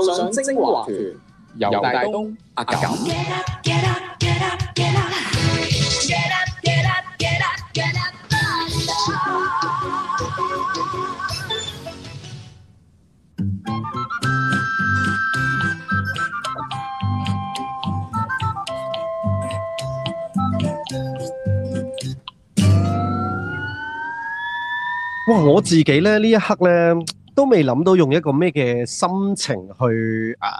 《上升華團》由大東阿感。哇！我自己咧呢一刻咧。都未諗到用一個咩嘅心情去誒、呃、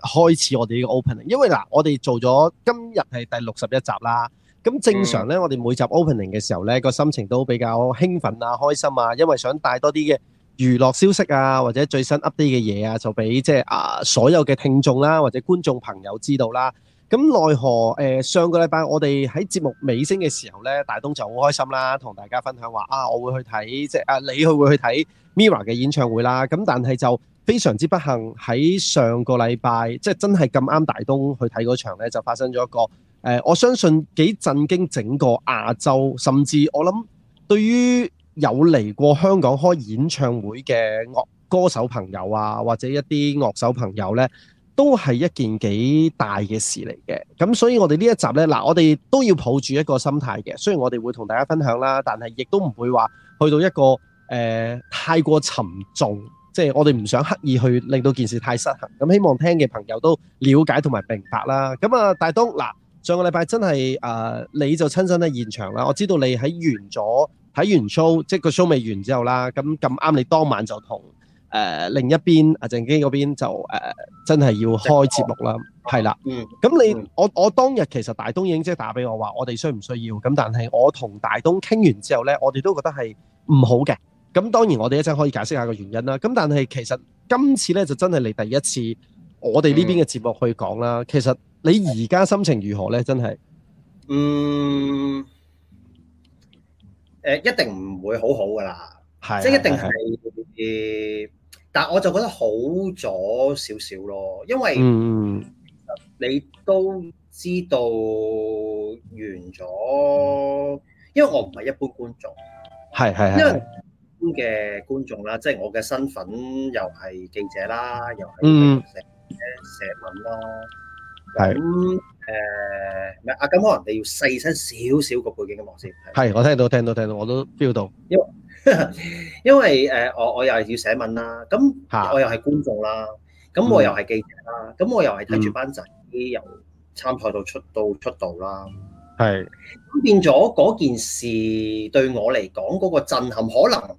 開始我哋嘅 opening，因為嗱、嗯，我哋做咗今日係第六十一集啦。咁正常咧，我哋每集 opening 嘅時候咧，個心情都比較興奮啊、開心啊，因為想帶多啲嘅娛樂消息啊，或者最新 update 嘅嘢啊，就俾即係啊所有嘅聽眾啦、啊、或者觀眾朋友知道啦、啊。咁奈何誒、呃、上個禮拜我哋喺節目尾聲嘅時候咧，大東就好開心啦、啊，同大家分享話啊，我會去睇，即係啊你去會去睇。MIRROR 嘅演唱會啦，咁但係就非常之不幸喺上個禮拜，即係真係咁啱大東去睇嗰場咧，就發生咗一個，呃，我相信幾震驚整個亞洲，甚至我諗對於有嚟過香港開演唱會嘅歌手朋友啊，或者一啲樂手朋友咧，都係一件幾大嘅事嚟嘅。咁所以我哋呢一集咧，嗱我哋都要抱住一個心態嘅，雖然我哋會同大家分享啦，但係亦都唔會話去到一個誒、呃，太過沉重，即係我哋唔想刻意去令到件事太失衡。咁希望聽嘅朋友都了解同埋明白啦。咁啊，大東嗱，上個禮拜真係誒、呃，你就親身喺現場啦。我知道你喺完咗睇完 show，即係個 show 未完之後啦。咁咁啱，你當晚就同誒、呃、另一邊阿鄭經嗰邊就誒、呃，真係要開節目啦。係啦，嗯，咁、嗯、你我我當日其實大東已經即係打俾我話，我哋需唔需要？咁但係我同大東傾完之後咧，我哋都覺得係唔好嘅。咁當然我哋一陣可以解釋下個原因啦。咁但係其實今次呢，就真係你第一次我哋呢邊嘅節目去講啦。嗯、其實你而家心情如何呢？真係、嗯，嗯、呃，一定唔會好好㗎喇，即係一定係，但我就覺得好咗少少咯，因為、嗯、你都知道完咗，因為我唔係一般觀眾，係係因為嘅觀眾啦，即係我嘅身份又係記者啦，又係寫、嗯、寫，寫文啦。係咁誒，唔啊，咁、呃、可能你要細聲少少個背景嘅模式。係，我聽到聽到聽到，我都 feel 到。因為因為誒、呃，我我又係要寫文啦，咁我又係觀眾啦，咁我又係記者啦，咁、嗯、我又係睇住班仔由參賽到出到出道啦。係咁變咗嗰件事對我嚟講嗰個震撼，可能～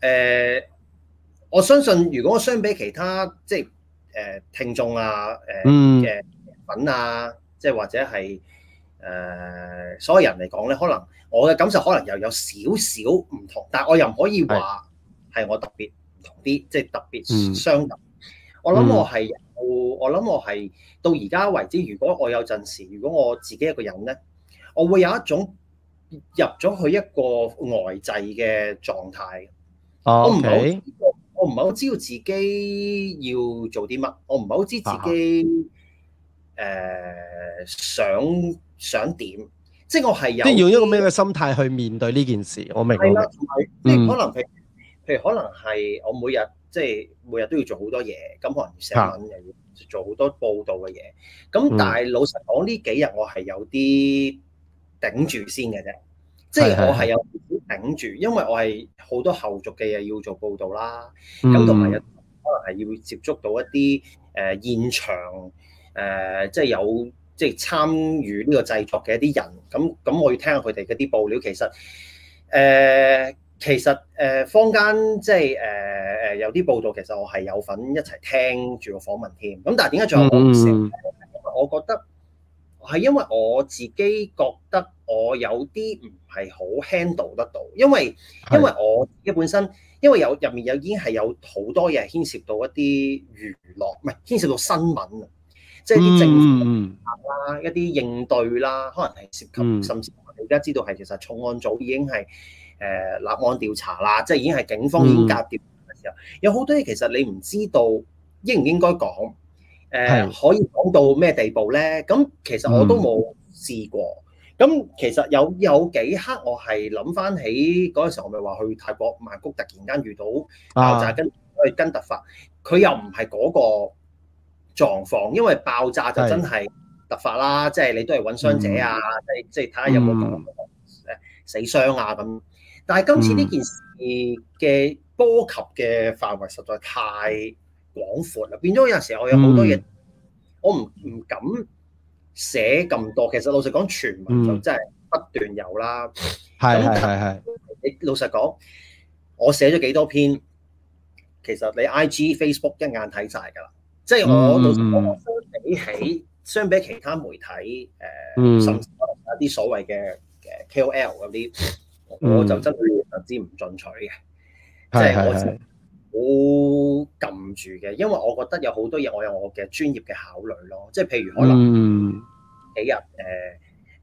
Uh, 我相信如果我相比其他即係聽眾，就是 uh, 啊，誒、uh, 嘅、mm. 品啊，即、就是、或者係、uh, 所有人嚟講咧，可能我嘅感受可能又有少少唔同，但係我又唔可以話係我特別同啲，即、mm. 特別相等、mm.。我諗我係我諗我係到而家為止，如果我有陣時，如果我自己一個人咧，我會有一種入咗去一個呆滯嘅狀態。我唔係，我唔係好知道自己要做啲乜，我唔係好知自己，誒、啊、想想點，即係我係有。即係用一個咩嘅心態去面對呢件事？我明白啦，你可能譬如譬如可能係我每日即係每日都要做好多嘢，咁可能寫文又要做好多報道嘅嘢，咁但係老實講呢幾日我係有啲頂住先嘅啫。即係我係有少少頂住，因為我係好多後續嘅嘢要做報導啦，咁同埋有可能係要接觸到一啲誒現場誒，即係有即係參與呢個製作嘅一啲人，咁咁我要聽下佢哋嗰啲報料。其實誒、呃、其實誒坊間即係誒誒有啲報導，其實我係有份一齊聽住個訪問添。咁但係點解仲有唔成？因為我覺得。係因為我自己覺得我有啲唔係好 handle 得到，因為因為我自己本身，因為有入面有已經係有好多嘢牽涉到一啲娛樂，唔係牽涉到新聞啊，即係啲政治啦、一啲應對啦，可能係涉及，甚至我哋而家知道係其實重案組已經係誒立案調查啦，即係已經係警方嚴格調查嘅時候，有好多嘢其實你唔知道，應唔應該講？誒可以講到咩地步咧？咁其實我都冇試過。咁、嗯、其實有有幾刻我係諗翻起嗰陣時候，我咪話去泰國曼谷，突然間遇到爆炸，啊、跟去跟突發，佢又唔係嗰個狀況，因為爆炸就真係突發啦，即係、就是、你都係揾傷者啊，即係即係睇下有冇誒死傷啊咁、嗯。但係今次呢件事嘅波及嘅範圍實在太～廣闊啦，變咗有陣時我有好多嘢，嗯，我唔唔敢寫咁多。其實老實講，全文就真係不斷有啦。係係係。係係係係你老實講，我寫咗幾多篇，其實你 I G Facebook 一眼睇晒㗎啦。即、嗯、係、即係、我，我相比起相比其他媒體誒、呃嗯，甚至一啲所謂嘅誒 K O L 嗰啲，我就真係有啲唔進取嘅。即、嗯、係、即係、我好。係係係我住嘅，因為我覺得有好多嘢，我有我嘅專業嘅考慮咯。即係譬如可能幾日誒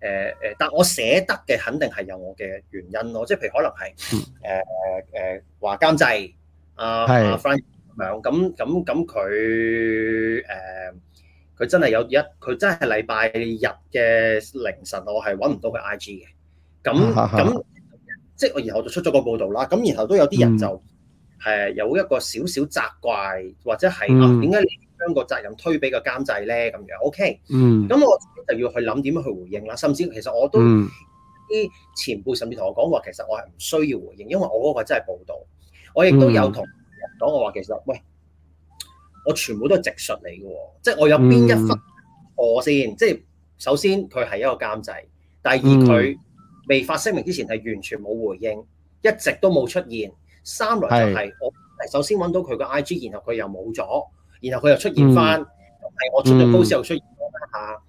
誒誒，但我寫得嘅肯定係有我嘅原因咯。即係譬如可能係誒誒誒話監製啊，Frank 咁咁咁佢誒佢真係有一佢真係禮拜日嘅凌晨我的的，我係揾唔到佢 IG 嘅。咁、啊、咁、啊、即係我然後就出咗個報導啦。咁然後都有啲人就。嗯係有一個少少責怪，或者係、嗯、啊點解你將個責任推俾個監製咧咁樣？OK，咁、嗯、我就要去諗點樣去回應啦。甚至其實我都啲、嗯、前輩甚至同我講話，其實我係唔需要回應，因為我嗰個真係報道。我亦都有同人講我話，其實、嗯、喂，我全部都係直述你嘅喎，即係我有邊一份、嗯、我先？即係首先佢係一個監製，第二佢、嗯、未發聲明之前係完全冇回應，一直都冇出現。三來就係我係首先揾到佢個 IG，然後佢又冇咗，然後佢又，又出現翻，係、嗯、我出咗 post 又出現過啦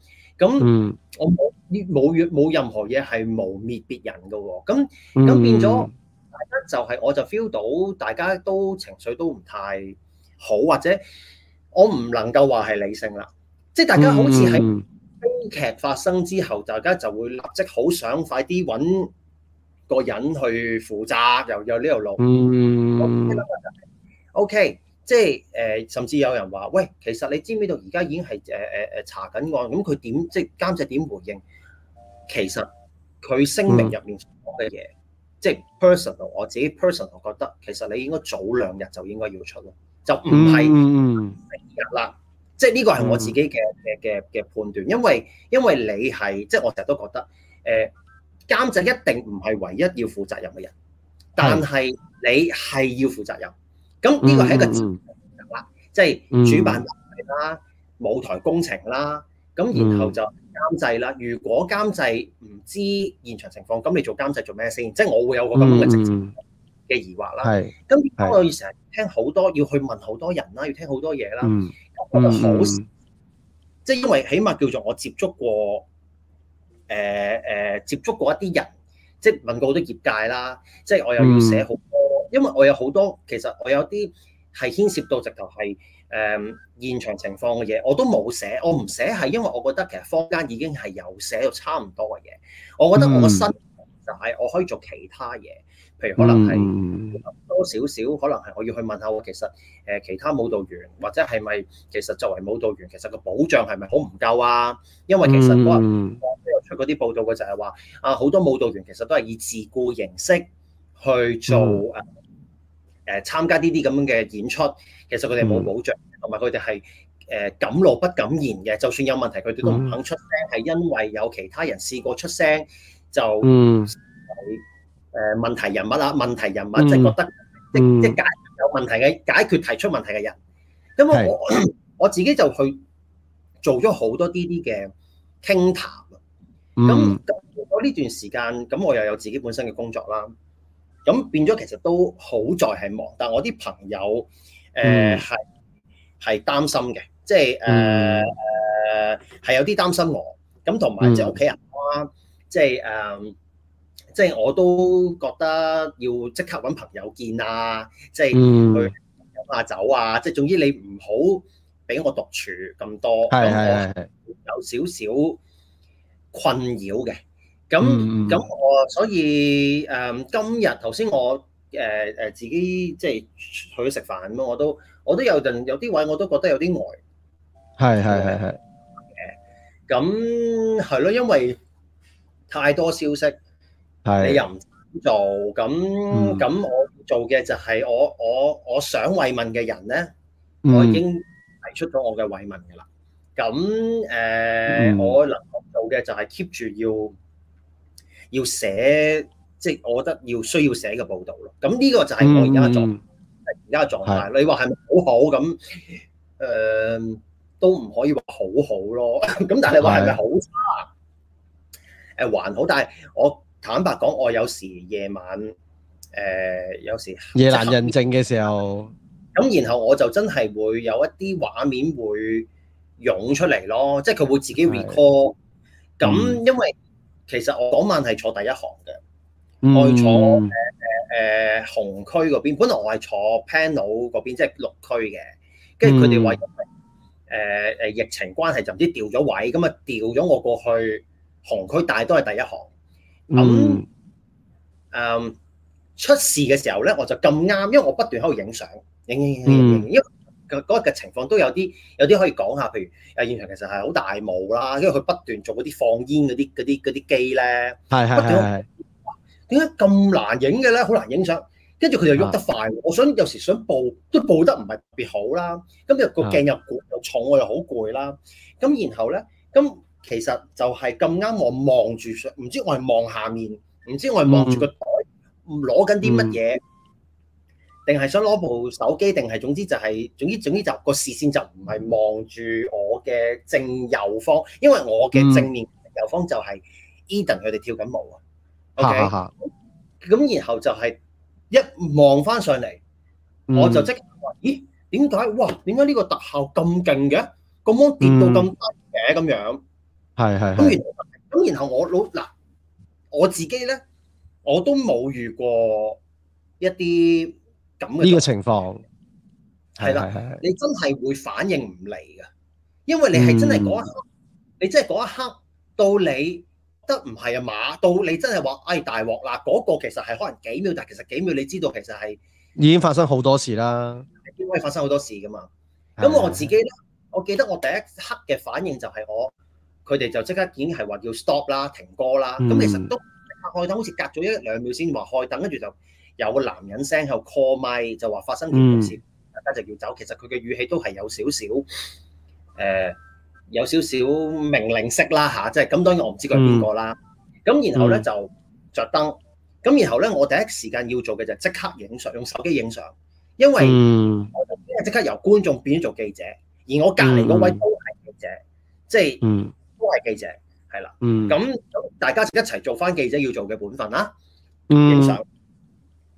嚇。咁、嗯、我冇冇冇任何嘢係污蔑別人嘅喎。咁咁變咗，大家就係我就 feel 到大家都情緒都唔太好，或者我唔能夠話係理性啦。即、就、係、是、大家好似喺悲劇發生之後、嗯，大家就會立即好想快啲揾。個人去負責，又有呢條路。嗯、OK。O K，即係誒，甚至有人話：喂，其實你知唔知道？而家已經係誒誒誒查緊案，咁佢點即係監製點回應？其實佢聲明入面所講嘅嘢，即係 personal 我自己 personal 覺得，其實你應該早兩日就應該要出咯，就唔係第二日啦。即係呢個係我自己嘅嘅嘅嘅判斷，因為因為你係即係我成日都覺得誒。呃監製一定唔係唯一要負責任嘅人，但係你係要負責任。咁呢個係一個節目啦，即係主辦啦、嗯、舞台工程啦，咁然後就監製啦、嗯。如果監製唔知現場情況，咁你做監製做咩先？即、嗯、係、就是、我會有個咁樣嘅直接嘅疑惑啦。咁、嗯、我成日聽好多、嗯，要去問好多人啦，要聽好多嘢啦。咁、嗯、好，即係、嗯就是、因為起碼叫做我接觸過。誒誒，接觸過一啲人，即係問過好多業界啦。即係我又要寫好多，嗯、因為我有好多其實我有啲係牽涉到直頭係誒現場情況嘅嘢，我都冇寫。我唔寫係因為我覺得其實坊間已經係有寫到差唔多嘅嘢。我覺得我個身份就係我可以做其他嘢，譬如，嗯，可能係多少少，可能係我要去問下我其實誒其他舞蹈員或者係咪其實作為舞蹈員其實個保障係咪好唔夠啊？因為其實嗰個。嗯嗯出嗰啲報道嘅就係話啊，好多舞蹈員其實都係以自僱形式去做誒誒、嗯呃、參加呢啲咁樣嘅演出，其實佢哋冇保障，同埋佢哋係誒敢怒不敢言嘅。就算有問題，佢哋都唔肯出聲，係、嗯、因為有其他人試過出聲就嗯係誒問題人物啦。問題人物，問題人物、嗯、就覺得即即、嗯就是、解有問題嘅解決提出問題嘅人，因為我我自己就去做咗好多啲啲嘅傾談。咁咁，如果呢段時間咁，我又有自己本身嘅工作啦，咁變咗其實都好在係忙，但我啲朋友誒係係擔心嘅，即係誒誒係有啲擔心我，咁同埋即係屋企人啦，即係誒即係我都覺得要即刻揾朋友見啊，即係去飲下酒啊，即係總之你唔好俾我獨處咁多，咁我有少少。困擾嘅，咁咁、嗯嗯、我所以誒、嗯、今日頭先我誒誒、呃呃、自己即係去食飯咁，我都我都有陣有啲位我都覺得有啲呆，係係係係，誒咁係咯，因為太多消息，係你又唔做，咁咁、嗯、我做嘅就係我我我想慰問嘅人咧，我已經提出咗我嘅慰問噶啦，咁、嗯、誒、呃嗯、我能。做嘅就係 keep 住要要寫，即係我覺得要需要寫嘅報道咯。咁呢個就係我而家狀，而家嘅狀態。嗯、狀態你話係咪好好咁？誒、呃，都唔可以話好好咯。咁但係話係咪好差？誒，還好。但係我坦白講，我有時夜晚誒、呃，有時夜闌人靜嘅時候，咁然後我就真係會有一啲畫面會湧出嚟咯，即係佢會自己 recall。咁、嗯、因為其實我嗰晚係坐第一行嘅、嗯，我坐誒誒誒紅區嗰邊，本來我係坐 panel 嗰邊，即係綠區嘅，跟住佢哋話誒誒疫情關係就唔知調咗位，咁啊調咗我過去紅區，但係都係第一行。咁、嗯、誒、嗯嗯、出事嘅時候咧，我就咁啱，因為我不斷喺度影相，影。嗯嗰日嗰個嘅情況都有啲，有啲可以講下。譬如誒現場其實係好大霧啦，因為佢不斷做嗰啲放煙嗰啲啲啲機咧，不斷點解咁難影嘅咧？好難影相。跟住佢又喐得快，我想有時想報都報得唔係特別好啦。咁、那、又個鏡又又重，我又好攰啦。咁然後咧，咁其實就係咁啱我望住，唔知我係望下面，唔知我係望住個袋，攞緊啲乜嘢？嗯定係想攞部手機，定係總之就係總之總之就個、是就是、視線就唔係望住我嘅正右方，因為我嘅正面、嗯、正右方就係 Edan 佢哋跳緊舞啊。OK，嚇！咁然後就係一望翻上嚟，我就即刻話：咦，點解？哇，點解呢個特效咁勁嘅，個芒跌到咁低嘅咁樣。係係。咁然後咁然後我老嗱，我自己咧我都冇遇過一啲。咁呢、這個情況係啦，你真係會反應唔嚟嘅，因為你係真係嗰一刻、嗯，你真係嗰一刻到你得唔係啊馬，到你真係話哎大鑊啦。嗰個其實係可能幾秒，但係其實幾秒你知道其實係已經發生好多事啦，已經可以發生好多事噶嘛。咁我自己咧，我記得我第一刻嘅反應就係我佢哋就即刻已經係話要 stop 啦，停歌啦。咁、嗯、其實都開燈，好似隔咗一兩秒先話開燈，跟住就。有個男人聲後 call 咪就話發生點事，大、嗯、家就要走。其實佢嘅語氣都係有少少，誒、呃，有少少命令式啦吓，即係咁。就是、當然我唔知佢係邊個啦。咁、嗯、然後咧就着燈，咁、嗯、然後咧我第一時間要做嘅就即刻影相，用手機影相，因為我即係即刻由觀眾變咗做記者，而我隔籬嗰位都係記者，即、嗯、係、就是、都係記者，係、嗯、啦。咁、嗯、大家一齊做翻記者要做嘅本分啦，影相。嗯嗯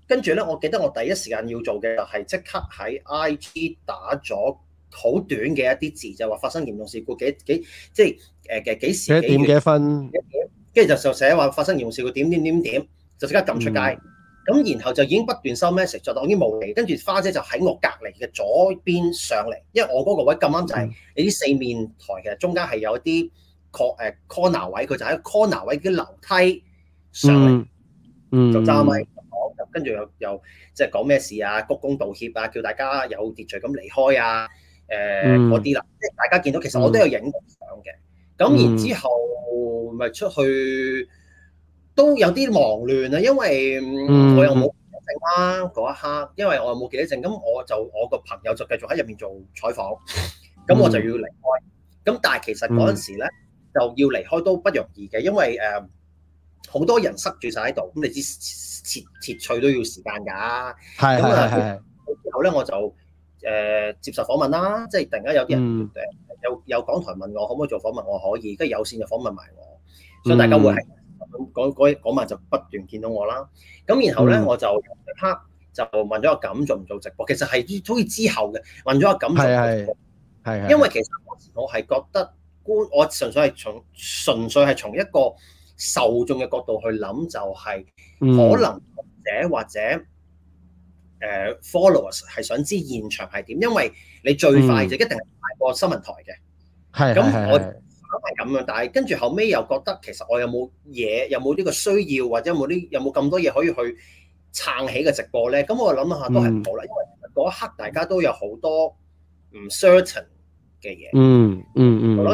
跟住咧，我記得我第一時間要做嘅就係即刻喺 IG 打咗好短嘅一啲字，就話發生嚴重事故幾幾即係誒嘅幾時幾點幾分，跟住就就寫話發生嚴重事故點點點點，就即刻撳出街。咁、嗯、然後就已經不斷收 message，就當已經無理。跟住花姐就喺我隔籬嘅左邊上嚟，因為我嗰個位咁啱就係你啲四面台、嗯，其實中間係有啲角 corner 位，佢就喺 corner 位啲樓梯上嚟，嗯，就揸咪。跟住又即係講咩事啊？鞠躬道歉啊！叫大家有秩序咁離開啊！誒嗰啲啦，即係大家見到，其實我有、嗯、都有影相嘅。咁然之後，咪出去都有啲忙亂啦、啊，因為我又冇記者證啦嗰一刻，因為我又冇記者證，咁我就我個朋友就繼續喺入面做採訪，咁我就要離開。咁、嗯、但係其實嗰陣時咧、嗯，就要離開都不容易嘅，因為誒。好多人塞住晒喺度，咁你知撤撤除都要時間㗎。係係係。咁啊，之後咧我就誒、呃、接受訪問啦，即係突然間有啲人誒、嗯、有有港台問我可唔可以做訪問，我可以，跟住有線就訪問埋我，所以大家會係咁嗰晚就不斷見到我啦。咁然後咧、嗯、我就 p a、那個、就問咗阿感做唔做直播，其實係好似之後嘅問咗阿感做，做直播，係因為其實我係覺得觀我純粹係從純粹係從一個。受眾嘅角度去諗，就係可能者或者誒、嗯 uh, followers 係想知現場係點，因為你最快就一定係個新聞台嘅。係、嗯，咁我諗係咁樣，但係跟住後尾又覺得其實我有冇嘢，有冇呢個需要，或者有冇啲有冇咁多嘢可以去撐起嘅直播咧？咁我諗下都係唔好啦，因為嗰一刻大家都有好多唔 certain 嘅嘢。嗯嗯嗯，係、嗯、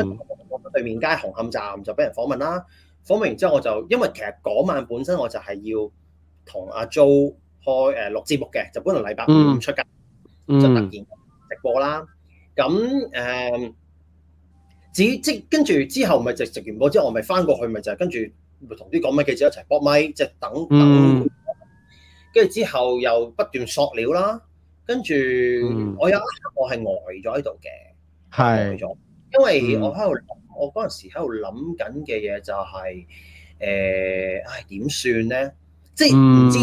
咯，對面街紅磡站就俾人訪問啦。訪問完之後，我就因為其實嗰晚本身我就係要同阿 Jo 開誒錄節目嘅，就本嚟禮拜五出㗎、嗯，就突然直播啦。咁至、uh, 只即跟住之後，咪直直完播之後，我就就咪翻過去，咪就係跟住咪同啲講咪記者一齊搏咪，即等等。跟住、嗯、之後又不斷索料啦，跟住我有我係呆咗喺度嘅，呆咗，因為我喺度。我嗰陣時喺度諗緊嘅嘢就係、是，誒、呃，唉點算咧？即係唔知。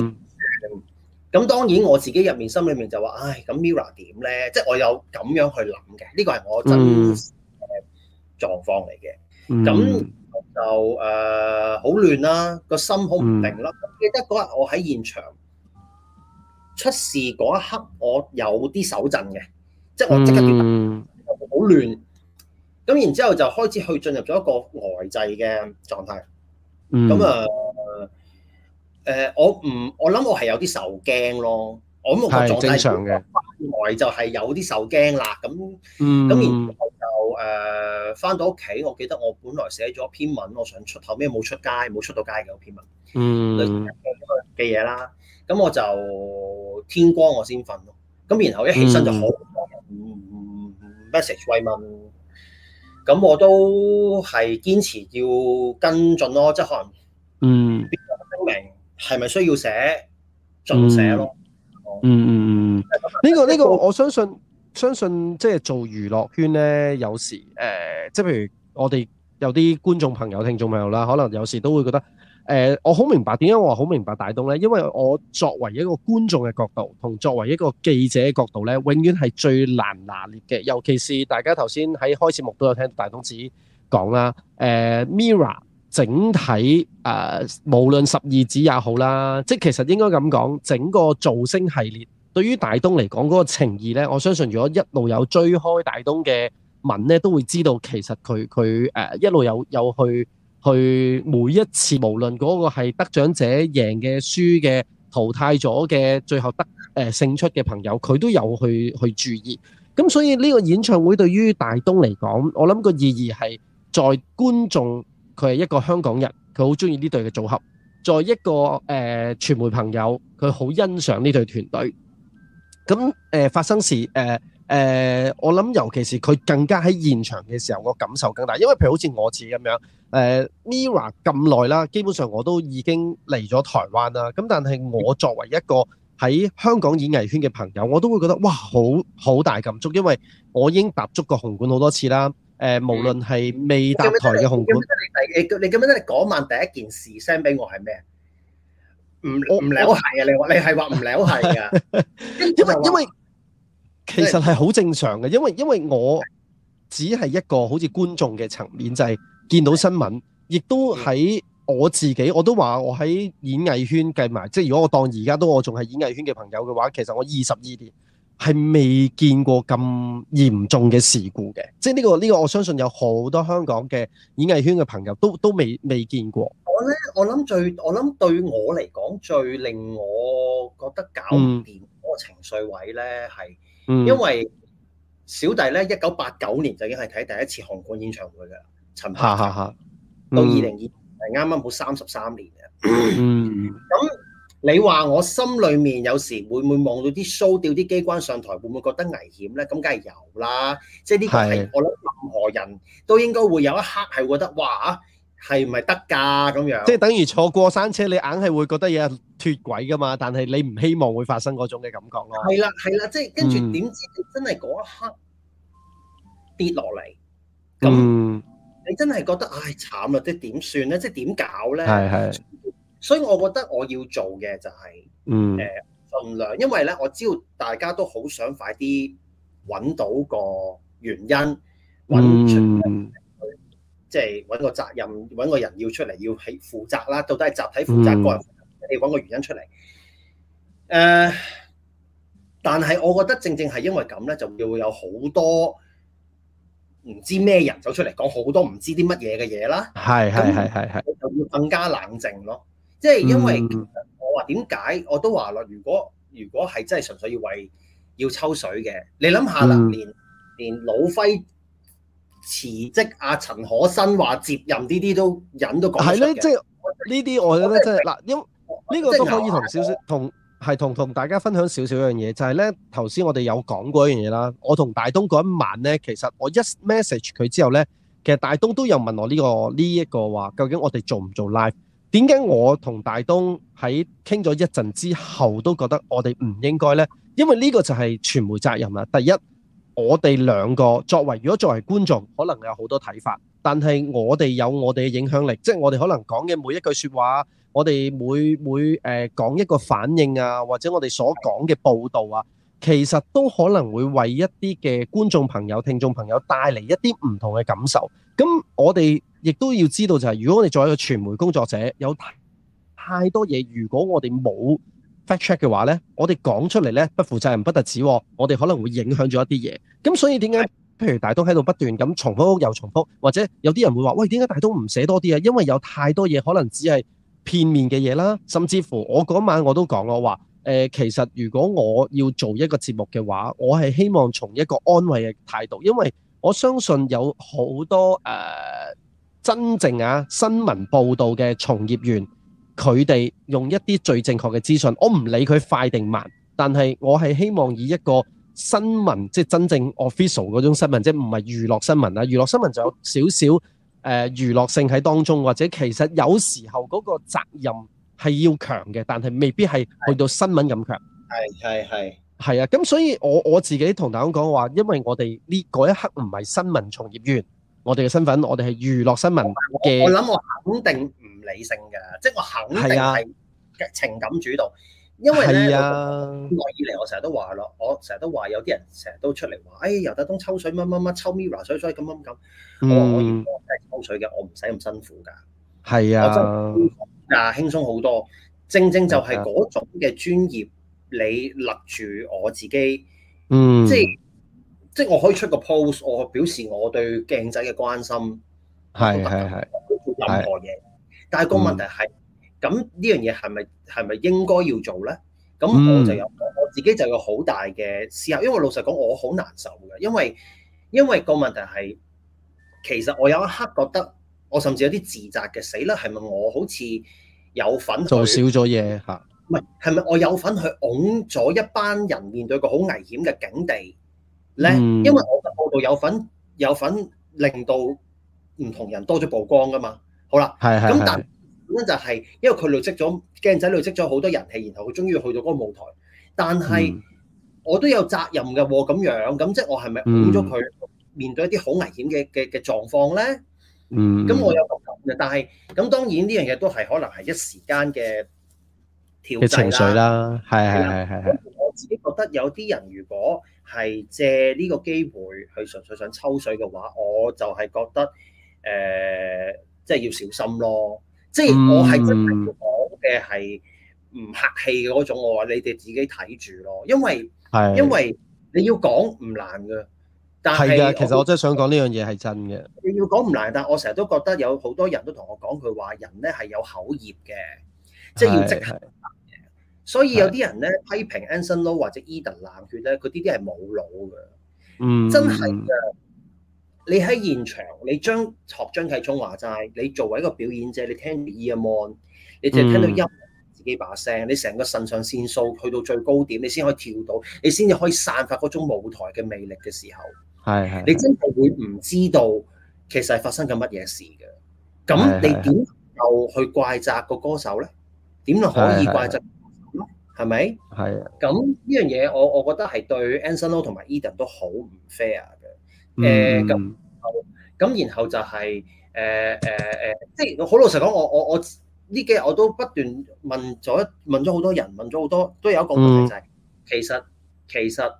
咁、嗯、當然我自己入面心裏面就話，唉，咁 MIRROR 點咧？即係我有咁樣去諗嘅，呢個係我真嘅狀況嚟嘅。咁、嗯、就誒好、呃、亂啦、啊，個心好唔定啦、啊。嗯、記得嗰日我喺現場出事嗰一刻，我有啲手震嘅、嗯，即係我即刻變得好亂。咁然之後就開始去進入咗一個呆滯嘅狀態。咁、嗯、啊，誒、呃，我唔，我諗我係有啲受驚咯。我諗個狀態原來就係有啲受驚啦。咁，咁、嗯、然後就誒，返、呃、到屋企，我記得我本來寫咗一篇文，我想出，後尾冇出街，冇出到街嘅篇文，嘅嘢啦。咁我就天光我先瞓咯。咁然後一起身就好多、嗯嗯嗯、message 慰問。咁我都係堅持要跟進咯，即係可能，嗯，聲明係咪需要寫，盡寫咯。嗯嗯嗯，呢個呢個我相信，相信即係做娛樂圈咧，有時、呃、即係譬如我哋有啲觀眾朋友、聽眾朋友啦，可能有時都會覺得。誒、呃，我好明白點解，我好明白大東呢，因為我作為一個觀眾嘅角度，同作為一個記者嘅角度呢，永遠係最難拿捏嘅。尤其是大家頭先喺開節目都有聽大東子講啦。MIRROR 整體誒、呃，無論十二指也好啦，即其實應該咁講，整個造星系列對於大東嚟講嗰、嗰個情義呢。我相信如果一路有追開大東嘅文呢，都會知道其實佢佢、呃、一路有有去。去每一次，無論嗰個係得獎者贏嘅、輸嘅、淘汰咗嘅、最後得誒、呃、勝出嘅朋友，佢都有去去注意。咁所以呢個演唱會對於大東嚟講，我諗個意義係在觀眾，佢係一個香港人，佢好中意呢對嘅組合，在一個誒傳、呃、媒朋友，佢好欣賞呢對團隊，咁誒、呃、發生時誒。呃誒、呃，我諗尤其是佢更加喺現場嘅時候，我感受更大。因為譬如好似我自己咁樣，誒，MIRROR 咁耐啦，基本上我都已經嚟咗台灣啦。咁但係我作為一個喺香港演藝圈嘅朋友，我都會覺得哇，好好大感觸，因為我已經踏足過紅館好多次啦。誒、呃，無論係未搭台嘅紅館。嗯、你你咁樣咧，嗰晚第一件事 send 俾我係咩？唔唔了係啊！你你係話唔了係啊 因為因為。其實係好正常嘅，因為因為我只係一個好似觀眾嘅層面，就係見到新聞，亦都喺我自己，我都話我喺演藝圈計埋，即係如果我當而家都我仲係演藝圈嘅朋友嘅話，其實我二十二年係未見過咁嚴重嘅事故嘅，即係呢個呢個我相信有好多香港嘅演藝圈嘅朋友都都未未見過。我咧，我諗最我諗對我嚟講最令我覺得搞唔掂嗰個情緒位呢係。嗯嗯、因為小弟咧，一九八九年就已經係睇第一次紅館演唱會嘅啦，陳柏軒、嗯、到二零二二年係啱啱好三十三年嘅。咁、嗯嗯、你話我心裏面有時會唔會望到啲 show 掉啲機關上台，會唔會覺得危險咧？咁梗係有啦，即係呢個係我諗任何人都應該會有一刻係覺得哇！係唔係得噶咁樣？即係等於坐過山車，你硬係會覺得有脫軌噶嘛？但係你唔希望會發生嗰種嘅感覺咯、啊。係啦係啦，即係跟住點知真係嗰一刻跌落嚟。咁、嗯、你真係覺得唉慘啦！即係點算咧？即係點搞咧？係係。所以我覺得我要做嘅就係、是，誒、嗯，分、呃、量，因為咧我知道大家都好想快啲揾到個原因，揾出嚟、嗯。即係揾個責任，揾個人要出嚟要起負責啦。到底係集體負責，個人負責，你揾、嗯、個原因出嚟。誒、uh，但係我覺得正正係因為咁咧，就要有好多唔知咩人走出嚟講好多唔知啲乜嘢嘅嘢啦。係係係係係，就要更加冷靜咯。即、就、係、是、因為我話點解，嗯、我都話啦，如果如果係真係純粹要為要抽水嘅，你諗下啦，嗯、連連老輝，辭職啊，陳可辛話接任呢啲都忍都講出嚟。係咧，即係呢啲我覺得即係嗱，因呢個都可以同少少同係同同大家分享少少一樣嘢，就係咧頭先我哋有講過一樣嘢啦。我同大東嗰一晚咧，其實我一 message 佢之後咧，其實大東都有問我呢個呢一個話，究竟我哋做唔做 live？點解我同大東喺傾咗一陣之後都覺得我哋唔應該咧？因為呢個就係傳媒責任啦。第一。我哋兩個作為，如果作為觀眾，可能有好多睇法。但係我哋有我哋嘅影響力，即係我哋可能講嘅每一句說話，我哋每每誒講、呃、一個反應啊，或者我哋所講嘅報導啊，其實都可能會為一啲嘅觀眾朋友、聽眾朋友帶嚟一啲唔同嘅感受。咁我哋亦都要知道、就係，就係如果我哋作為一個傳媒工作者，有太，太多嘢，如果我哋冇。Fact check 嘅話咧，我哋講出嚟咧不負責任不特止，我哋可能會影響咗一啲嘢。咁所以點解？譬如大東喺度不斷咁重複又重複，或者有啲人會話：喂，點解大東唔寫多啲啊？因為有太多嘢可能只係片面嘅嘢啦。甚至乎我嗰晚我都講我話：其實如果我要做一個節目嘅話，我係希望從一個安慰嘅態度，因為我相信有好多、呃、真正啊新聞報導嘅從業員。佢哋用一啲最正確嘅資訊，我唔理佢快定慢，但係我係希望以一個新聞，即係真正 official 嗰種新聞，即係唔係娛樂新聞啦。娛樂新聞就有少少誒娛樂性喺當中，或者其實有時候嗰個責任係要強嘅，但係未必係去到新聞咁強。係係係。係啊，咁所以我我自己同大家講話，因為我哋呢嗰一刻唔係新聞從業員，我哋嘅身份我哋係娛樂新聞嘅。我諗我，我肯定。理性嘅，即係我肯定係情感主動，啊、因為咧、啊，我以嚟我成日都話咯，我成日都話有啲人成日都出嚟話，誒、哎，游大東抽水乜乜乜，抽 Mirror 水水咁咁咁，我可以、嗯、我以幫真係抽水嘅，我唔使咁辛苦㗎，係啊，我真係㗎，輕鬆好多。正正就係嗰種嘅專業，啊、你立住我自己，嗯，即係即係我可以出個 pose，我表示我對鏡仔嘅關心，係係係，做任何嘢。但係個問題係，咁、嗯、呢樣嘢係咪係咪應該要做咧？咁我就有、嗯、我自己就有好大嘅思考，因為老實講，我好難受嘅，因為因為個問題係，其實我有一刻覺得我甚至有啲自責嘅，死啦，係咪我好似有份去做少咗嘢嚇？唔係，係咪我有份去擁咗一班人面對個好危險嘅境地咧、嗯？因為我個報道有份有份令到唔同人多咗曝光噶嘛。好啦，咁但根本就係、係、因為佢累積咗鏡仔累積咗好多人氣，然後佢終於去到嗰個舞台。但係我都有責任嘅喎，咁、嗯、樣咁即係我係咪誤咗佢面對一啲好危險嘅嘅嘅狀況咧？咁、嗯、我有咁嘅，但係咁當然呢樣嘢都係可能係一時間嘅情緒啦。係係係係係。係係係係係係係係，我自己覺得有啲人如果係借呢個機會去純粹想抽水嘅話，我就係覺得誒。呃即係要小心咯，即係我係真係講嘅係唔客氣嘅嗰種，嗯、我話你哋自己睇住咯，因為因為你要講唔難嘅，但係其實我真係想講呢樣嘢係真嘅。你要講唔難，但我成日都覺得有好多人都同我講，佢話人咧係有口業嘅，即係要即行，所以有啲人咧批評 Anson Lo 或者 Edan 冷血咧，佢啲啲係冇腦嘅，嗯，真係嘅。你喺現場，你將學張繼聰話齋，你作為一個表演者，你聽 Eamon，你淨係聽到音，自己把聲、嗯，你成個腎上腺素去到最高點，你先可以跳到，你先至可以散發嗰種舞台嘅魅力嘅時候，係係，你真係會唔知道其實係發生緊乜嘢事嘅。咁你點又去怪責個歌手咧？點能可以怪責歌手呢？係咪？係啊。咁呢樣嘢，我我覺得係對 Anson Lo 同埋 Edan 都好唔 fair。誒、嗯、咁，咁、嗯、然，然後就係誒誒誒，即係好老實講，我我我呢幾日我都不斷問咗問咗好多人，問咗好多，都有一個問題就係、是嗯、其實其實，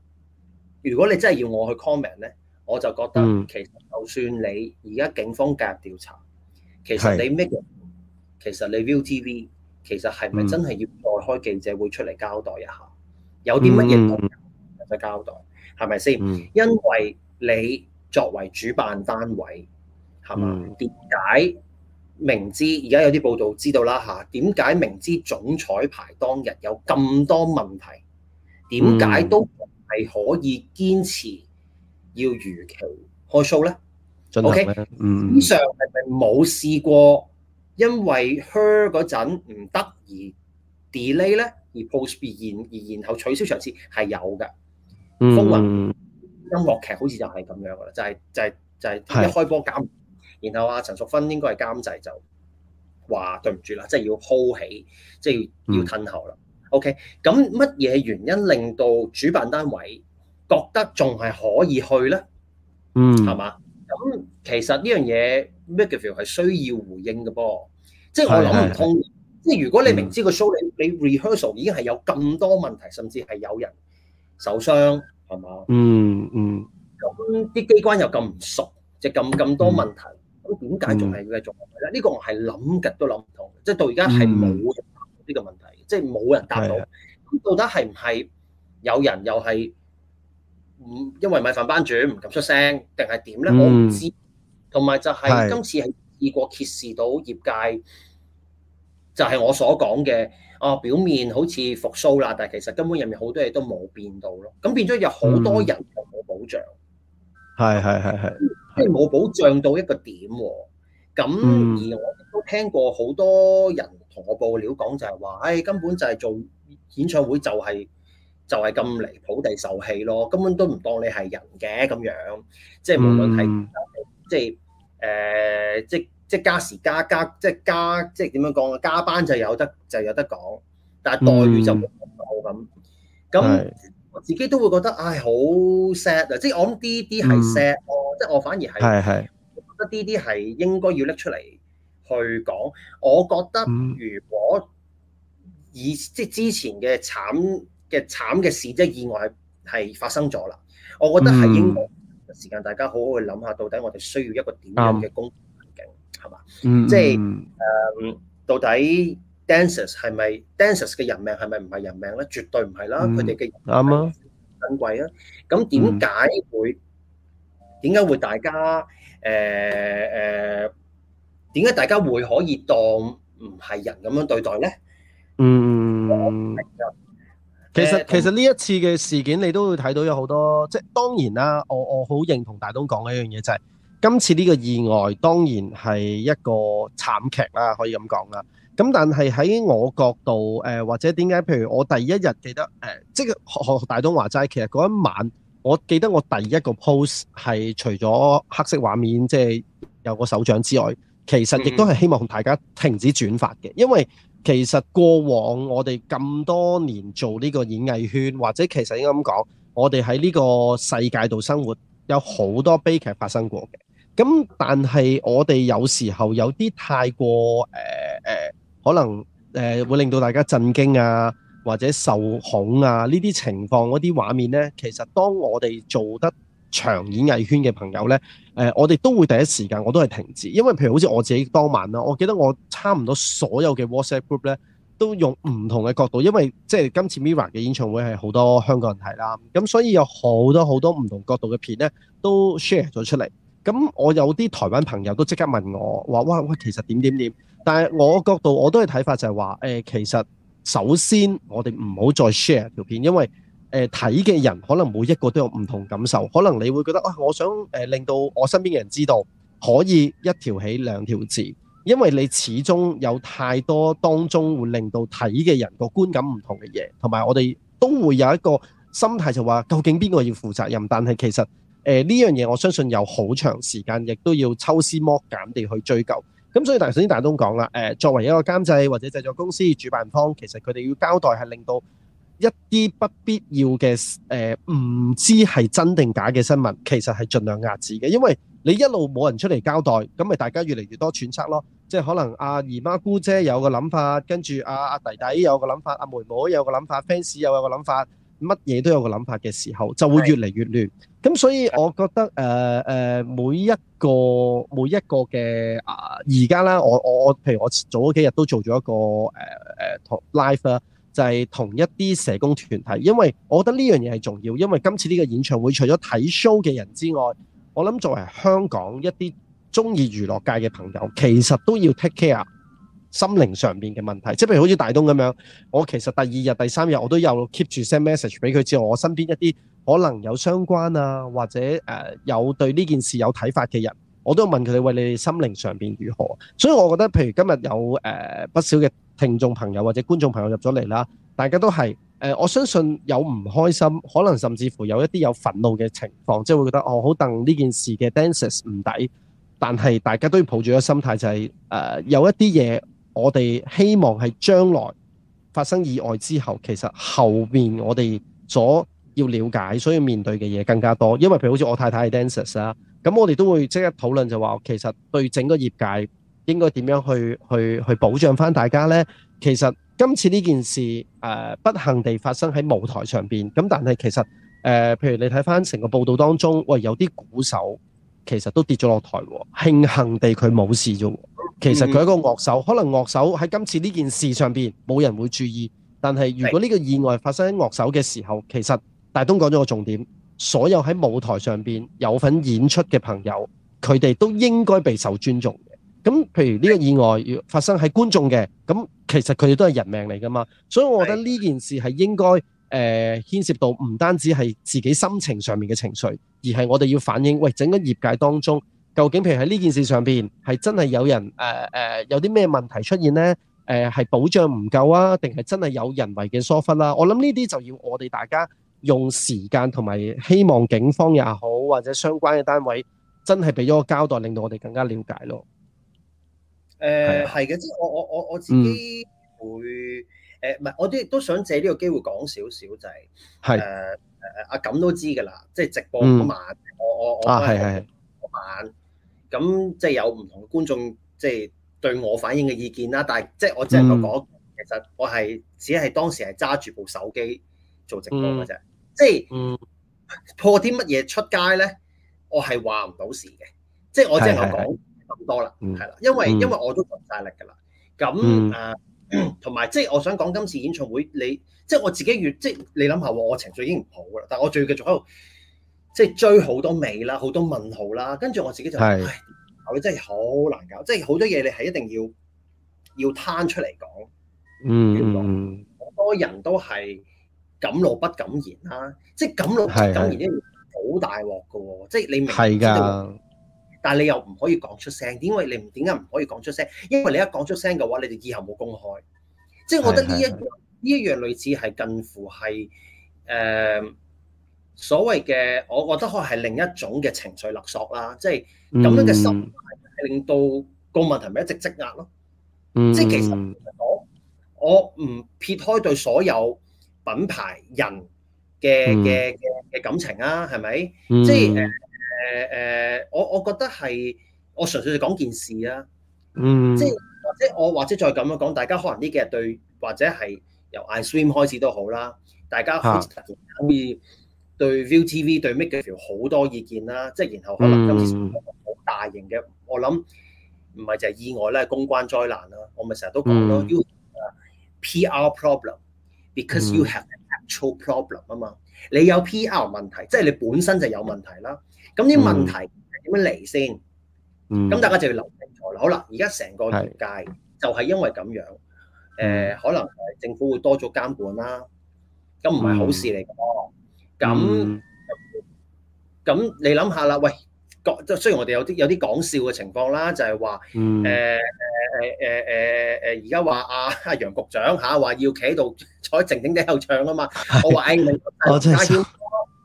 如果你真係要我去 comment 咧，我就覺得、嗯、其實就算你而家警方介入調查，其實你咩嘅，其實你 Viu TV，其實係咪真係要再開記者會出嚟交代一下，嗯、有啲乜嘢要交代，係咪先？因為你。作為主辦單位係嘛？點解、嗯、明知而家有啲報道知道啦吓？點解明知總彩排當日有咁多問題，點、嗯、解都係可以堅持要如期開 show 咧？O K，以上係咪冇試過因為靴嗰陣唔得而 delay 咧，而 p o s h 而然而然後取消場次係有嘅？嗯。音樂劇好似就係咁樣噶啦，就係、是、就係、是、就係、是、一開波搞，然後阿陳淑芬應該係監製就話對唔住啦，即、就、係、是、要鋪起，即、就、係、是、要褪後啦。OK，咁乜嘢原因令到主辦單位覺得仲係可以去咧？嗯，係嘛？咁其實呢樣嘢 MakerVille 係需要回應嘅噃，即係、就是、我諗唔通。即係如果你明知個 show 你、嗯、你 rehearsal 已經係有咁多問題，甚至係有人受傷。係嘛？嗯嗯，咁啲機關又咁唔熟，即係咁咁多問題，咁點解仲係要繼續咧？呢、嗯呢個我係諗極都諗唔通，即係到而家係冇人答到呢個問題，即係冇人答到。咁到底係唔係有人又係唔因為米飯班主唔敢出聲，定係點咧？我唔知。同埋就係今次係試過揭示到業界，就係、是、我所講嘅。哦，表面好似復甦啦，但係其實根本入面好多嘢都冇變到咯，咁變咗有好多人冇保障，係係係係，即係冇保障到一個點喎。咁而我亦都聽過好多人同我報料講，就係話，誒根本就係做演唱會就係就係咁離譜地受氣咯，根本都唔當你係人嘅咁樣，即係無論係即係誒即。即係加時加即加，即係加即係點樣講啊？加班就有得就有得講，但係待遇就冇咁好咁。我自己都會覺得唉，好 sad 啊！即係我諗呢啲係 sad 咯，即、嗯、係我反而係覺得呢啲係應該要拎出嚟去講。我覺得如果以、嗯、即係之前嘅慘嘅慘嘅事，即係意外係係發生咗啦，我覺得係應該時間大家好好去諗下，到底我哋需要一個點樣嘅工。嗯嗯，即係誒、嗯嗯，到底 dancers 係咪 dancers 嘅人命係咪唔係人命咧？絕對唔係啦，佢哋嘅人命好珍貴啊！咁點解會點解、嗯、會大家誒誒？點、呃、解、啊、大家會可以當唔係人咁樣對待咧？嗯，我明噶。其實、呃、其實呢一次嘅事件，你都會睇到有好多，即係當然啦，我我好認同大東講嘅一樣嘢就係、是。今次呢個意外當然係一個慘劇啦，可以咁講啦。咁但係喺我角度，呃、或者點解？譬如我第一日記得，呃、即係學大東話齋，其實嗰一晚，我記得我第一個 post 係除咗黑色畫面，即係有個手掌之外，其實亦都係希望大家停止轉發嘅，因為其實過往我哋咁多年做呢個演藝圈，或者其實應該咁講，我哋喺呢個世界度生活有好多悲劇發生過嘅。咁，但係我哋有時候有啲太過誒、呃呃、可能誒、呃、會令到大家震驚啊，或者受恐啊，呢啲情況，嗰啲畫面呢，其實當我哋做得長演藝圈嘅朋友呢，呃、我哋都會第一時間我都係停止，因為譬如好似我自己當晚啦，我記得我差唔多所有嘅 WhatsApp group 呢，都用唔同嘅角度，因為即係今次 MIRROR 嘅演唱會係好多香港人睇啦，咁所以有好多好多唔同角度嘅片呢，都 share 咗出嚟。咁我有啲台灣朋友都即刻問我話：哇，喂，其實點點點？但係我角度我都係睇法就係話、呃，其實首先我哋唔好再 share 條片，因為睇嘅、呃、人可能每一個都有唔同感受，可能你會覺得啊、呃，我想、呃、令到我身邊嘅人知道，可以一條起兩條字，因為你始終有太多當中會令到睇嘅人個觀感唔同嘅嘢，同埋我哋都會有一個心態就話，究竟邊個要負責任？但係其實。誒呢樣嘢，我相信有好長時間，亦都要抽絲剝繭地去追究。咁所以，頭先大東講啦，誒作為一個監製或者製作公司、主辦方，其實佢哋要交代係令到一啲不必要嘅誒，唔知係真定假嘅新聞，其實係盡量壓制嘅。因為你一路冇人出嚟交代，咁咪大家越嚟越多揣測咯。即係可能阿姨媽姑姐有個諗法，跟住阿阿弟弟有個諗法，阿妹妹有個諗法，fans 又有個諗法。乜嘢都有個諗法嘅時候，就會越嚟越亂。咁所以我覺得誒誒、呃呃，每一個每一個嘅啊，而家啦，我我譬如我早嗰幾日都做咗一個誒誒同 live 啦，就係同一啲社工團體，因為我覺得呢樣嘢係重要，因為今次呢個演唱會除咗睇 show 嘅人之外，我諗作為香港一啲鍾意娛樂界嘅朋友，其實都要 take care。心靈上面嘅問題，即係譬如好似大東咁樣，我其實第二日、第三日我都有 keep 住 send message 俾佢知，我身邊一啲可能有相關啊，或者、呃、有對呢件事有睇法嘅人，我都要問佢哋，喂，你哋心靈上面如何？所以我覺得，譬如今日有、呃、不少嘅聽眾朋友或者觀眾朋友入咗嚟啦，大家都係、呃、我相信有唔開心，可能甚至乎有一啲有憤怒嘅情況，即係會覺得哦，好戥呢件事嘅 dancers 唔抵，但係大家都要抱住一個心態，就係，就係誒有一啲嘢。我哋希望係將來發生意外之後，其實後面我哋所要了解、所要面對嘅嘢更加多。因為譬如好似我太太係 dancer 啦，咁我哋都會即刻討論就話其實對整個業界應該點樣去去去保障翻大家咧。其實今次呢件事誒、呃、不幸地發生喺舞台上邊，咁但係其實誒、呃、譬如你睇翻成個報道當中，喂有啲鼓手。其實都跌咗落台喎，慶幸地佢冇事啫喎。其實佢係一個樂手，可能樂手喺今次呢件事上邊冇人會注意，但係如果呢個意外發生喺樂手嘅時候，其實大東講咗個重點，所有喺舞台上邊有份演出嘅朋友，佢哋都應該備受尊重嘅。咁譬如呢個意外發生喺觀眾嘅，咁其實佢哋都係人命嚟㗎嘛，所以我覺得呢件事係應該，誒、呃，牽涉到唔單止係自己心情上面嘅情緒，而係我哋要反映，喂，整個業界當中究竟，譬如喺呢件事上面，係真係有人，誒、呃呃、有啲咩問題出現呢？係、呃、保障唔夠啊，定係真係有人為嘅疏忽啦、啊？我諗呢啲就要我哋大家用時間同埋希望警方也好，或者相關嘅單位真係俾咗個交代，令到我哋更加了解咯、呃。誒，係嘅，即我我我我自己會。嗯誒唔係，我都亦都想借呢個機會講少少，就係係誒誒阿感都知㗎啦，即係直播嗰晚、嗯，我我我啊係係嗰晚，咁即係有唔同觀眾即係對我反應嘅意見啦。但係即係我即係我講，其實我係只係當時係揸住部手機做直播嘅啫、嗯欸嗯。即係破啲乜嘢出街咧，我係話唔到事嘅。即係我即係我講咁多啦，係、嗯、啦，因為因為我都盡晒力㗎啦。咁啊～、嗯同埋即係我想講今次演唱會，你即係、就是、我自己越即係、就是、你諗下，我情緒已經唔好啦，但係我仲要繼續喺度即係追好多尾啦，好多問號啦，跟住我自己就係，唉，我真係好難搞，即係好多嘢你係一定要要攤出嚟講，嗯，嗯，好多人都係敢怒不敢言啦，即係敢怒敢言，一定好大鑊噶，即、就、係、是、你明？係噶。但你又唔可以講出聲，點解你唔點解唔可以講出聲？因為你一講出聲嘅話，你哋以後冇公開。即係我覺得呢一樣呢一樣類似係近乎係誒、呃、所謂嘅，我覺得可能係另一種嘅情緒勒索啦。即係咁樣嘅心係令到個問題咪一直積壓咯。即係其實我我唔撇開對所有品牌人嘅嘅嘅感情啊，係咪？即係誒。誒、uh, 誒、uh，我我覺得係我純粹講件事啦，啊，嗯，即係或者我或者再咁樣講，大家可能呢幾日對或者係由 I swim 開始都好啦，大家可以對 ViuTV，啊，對 MakerVille 好多意見啦，即係然後可能今次好大型嘅，嗯，我諗唔係就係意外咧，公關災難啦。我咪成日都講咗 You have a PR problem，because you have an actual problem 啊嘛，你有 PR 問題，即係你本身就有問題啦。咁啲問題點樣嚟先？咁大家就要諗清楚啦。好啦，而家成個業界就係因為咁樣，誒可能政府會多咗監管啦，咁唔係好事嚟㗎。咁咁你諗下啦。喂，講雖然我哋有啲有啲講笑嘅情況啦，就係話誒誒誒誒誒誒，而家話阿阿楊局長嚇話要企喺度坐靜靜地後唱啊嘛，我話誒你家姐。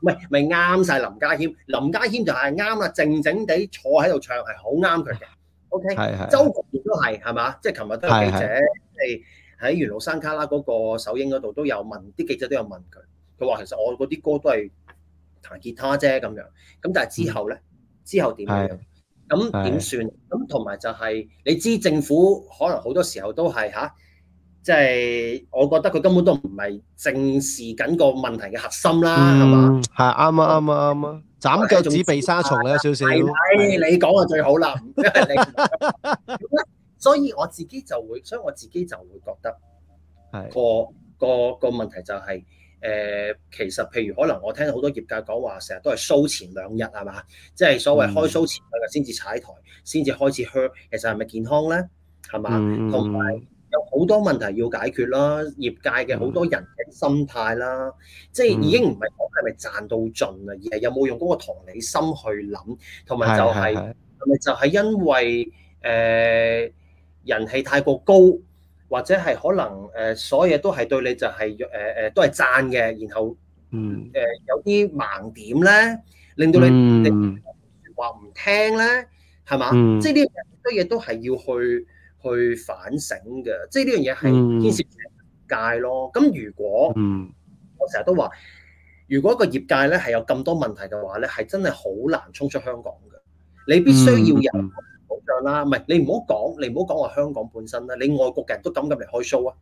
唔係咪啱晒林家謙，林家謙就係啱啦，靜靜地坐喺度唱係好啱佢嘅。O、OK? K，周國賢、就是、都係，係嘛？即係琴日有記者係喺元朗山卡拉嗰個首映嗰度都有問，啲記者都有問佢，佢話其實我嗰啲歌都係彈吉他啫咁樣，咁但係之後咧，之後點樣？咁點算？咁同埋就係、是、你知政府可能好多時候都係嚇即、就、係、是、我覺得佢根本都唔係正視緊個問題嘅核心啦，係、嗯、嘛？係啱啊啱啊啱啊！斬腳趾避沙蟲啊，少少。係你講就最好啦，因為你所以我自己就會，所以我自己就會覺得係個個個問題就係、是、誒、呃，其實譬如可能我聽到好多業界講話，成日都係騷前兩日係嘛？即係、就是、所謂開騷前兩日先至踩台，先、嗯、至開始 hurt，其實係咪健康咧？係嘛？同、嗯、埋。有好多問題要解決啦，業界嘅好多人嘅心態啦，嗯、即係已經唔係講係咪賺到盡啦、嗯，而係有冇用嗰個同理心去諗，同、嗯、埋就係係咪就係、是、因為誒、呃、人氣太過高，或者係可能誒、呃、所有嘢都係對你就係誒誒都係讚嘅，然後嗯誒、呃、有啲盲點咧，令到你、嗯、你話唔聽咧，係嘛、嗯？即係呢樣嘢都係要去。去反省嘅，即係呢樣嘢係牽涉業界咯。咁、嗯、如果、嗯、我成日都話，如果個業界咧係有咁多問題嘅話咧，係真係好難衝出香港嘅。你必須要有人保障啦，唔係你唔好講，你唔好講話香港本身啦，你外國嘅人都敢咁嚟開 show 啊？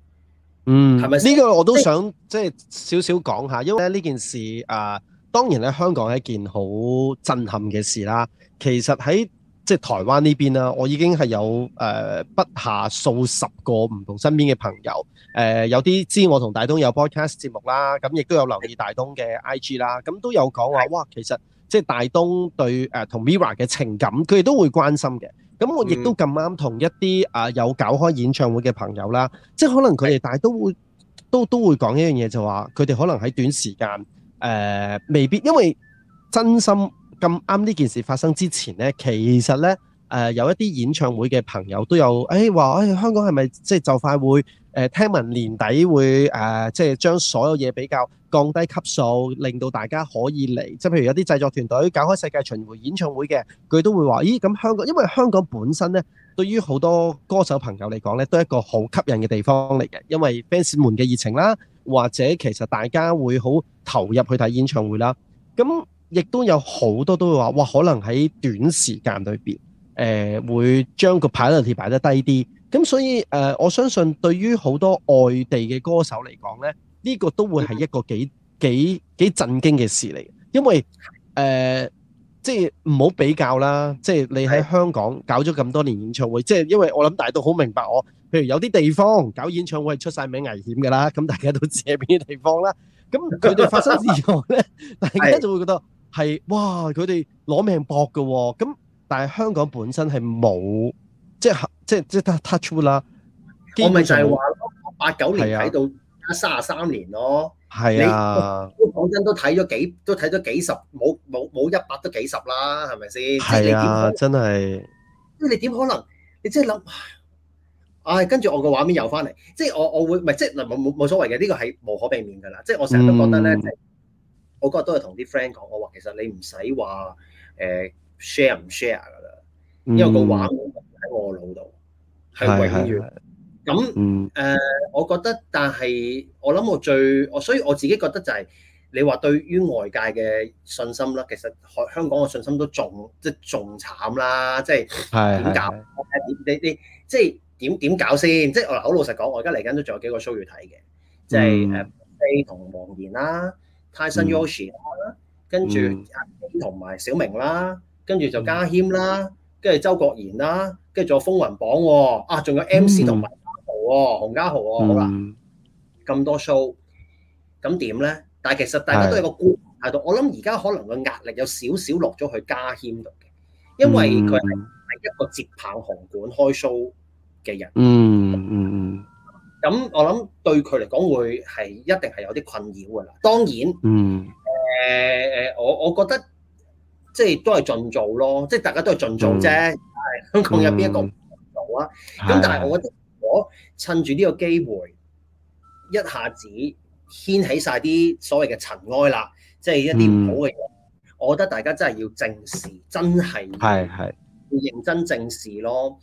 嗯，係咪呢個我都想即係少少講下，因為咧，呢件事啊，當然咧香港係一件好震撼嘅事啦。其實喺即係台灣呢邊啦、啊，我已經係有誒不、呃、下數十個唔同身邊嘅朋友，誒、呃、有啲知我同大東有 podcast 節目啦，咁亦都有留意大東嘅 IG 啦，咁都有講話，哇，其實即係大東對誒同、呃、MIRROR 嘅情感，佢哋都會關心嘅。咁我亦都咁啱同一啲啊、呃、有搞開演唱會嘅朋友啦，即係可能佢哋大都都會都都會講一樣嘢就話，佢哋可能喺短時間誒、呃、未必，因為真心。咁啱呢件事發生之前呢，其實呢，呃、有一啲演唱會嘅朋友都有誒話、哎哎、香港係咪即係就快會誒、呃、聽聞年底會誒、呃、即係將所有嘢比較降低級數，令到大家可以嚟。即係譬如有啲製作團隊搞開世界巡迴演唱會嘅，佢都會話：咦咁香港，因為香港本身呢，對於好多歌手朋友嚟講呢，都係一個好吸引嘅地方嚟嘅，因為 fans 們嘅熱情啦，或者其實大家會好投入去睇演唱會啦。咁亦都有好多都會話，哇！可能喺短時間裏邊，誒、呃、會將個排位次排得低啲。咁所以、呃、我相信對於好多外地嘅歌手嚟講咧，呢、這個都會係一個幾幾幾震驚嘅事嚟。因為、呃、即係唔好比較啦。即係你喺香港搞咗咁多年演唱會，即係因為我諗大家都好明白我。我譬如有啲地方搞演唱會係出晒名危險嘅啦，咁大家都知係邊啲地方啦。咁佢哋發生之後咧，大家就會覺得。係哇！佢哋攞命搏嘅喎，咁但係香港本身係冇，即係即係即係 touch 啦。我咪就係話八九年睇到而家卅三年咯。係啊，講真都睇咗幾都睇咗幾十，冇冇冇一百都幾十啦，係咪先？係啊，就是、真係。你點可能？你即係諗，唉，跟住我個畫面又翻嚟、就是，即係我我會唔係即係冇冇所謂嘅呢、這個係無可避免嘅啦。即、就、係、是、我成日都覺得咧。嗯我嗰日都係同啲 friend 講，我話其實你唔使話誒 share 唔 share 噶啦、嗯，因為個話喺我腦度係永遠。咁誒、嗯呃，我覺得，但係我諗我最我，所以我自己覺得就係、是、你話對於外界嘅信心啦，其實香港嘅信心都仲即係仲慘啦，即係點搞？是是是你你,你,你,你即係點點搞先？即係我好老實講，我而家嚟緊都仲有幾個 show 要睇嘅，即係誒飛同黃妍啦。就是 uh, 泰森 Yoshi 啦，跟住同埋小明啦，跟住就家謙啦，跟住周國賢啦，跟住仲有風雲榜喎，啊，仲有 MC 同埋洪家豪喎，洪家豪喎，好啦，咁多 show，咁點咧？但係其實大家都有個觀望態度，我諗而家可能個壓力有少少落咗去家謙度嘅，因為佢係一個接棒紅館開 show 嘅人。嗯嗯嗯。咁我諗對佢嚟講會係一定係有啲困擾嘅啦。當然，嗯，誒、呃、誒，我我覺得即係都係盡做咯，即係大家都係盡做啫。係香港有邊一個唔做啊？咁但係、嗯、我覺得，如果趁住呢個機會，一下子掀起晒啲所謂嘅塵埃啦，即係一啲唔好嘅嘢，嗯，我覺得大家真係要正視，真係係係要認真正視咯。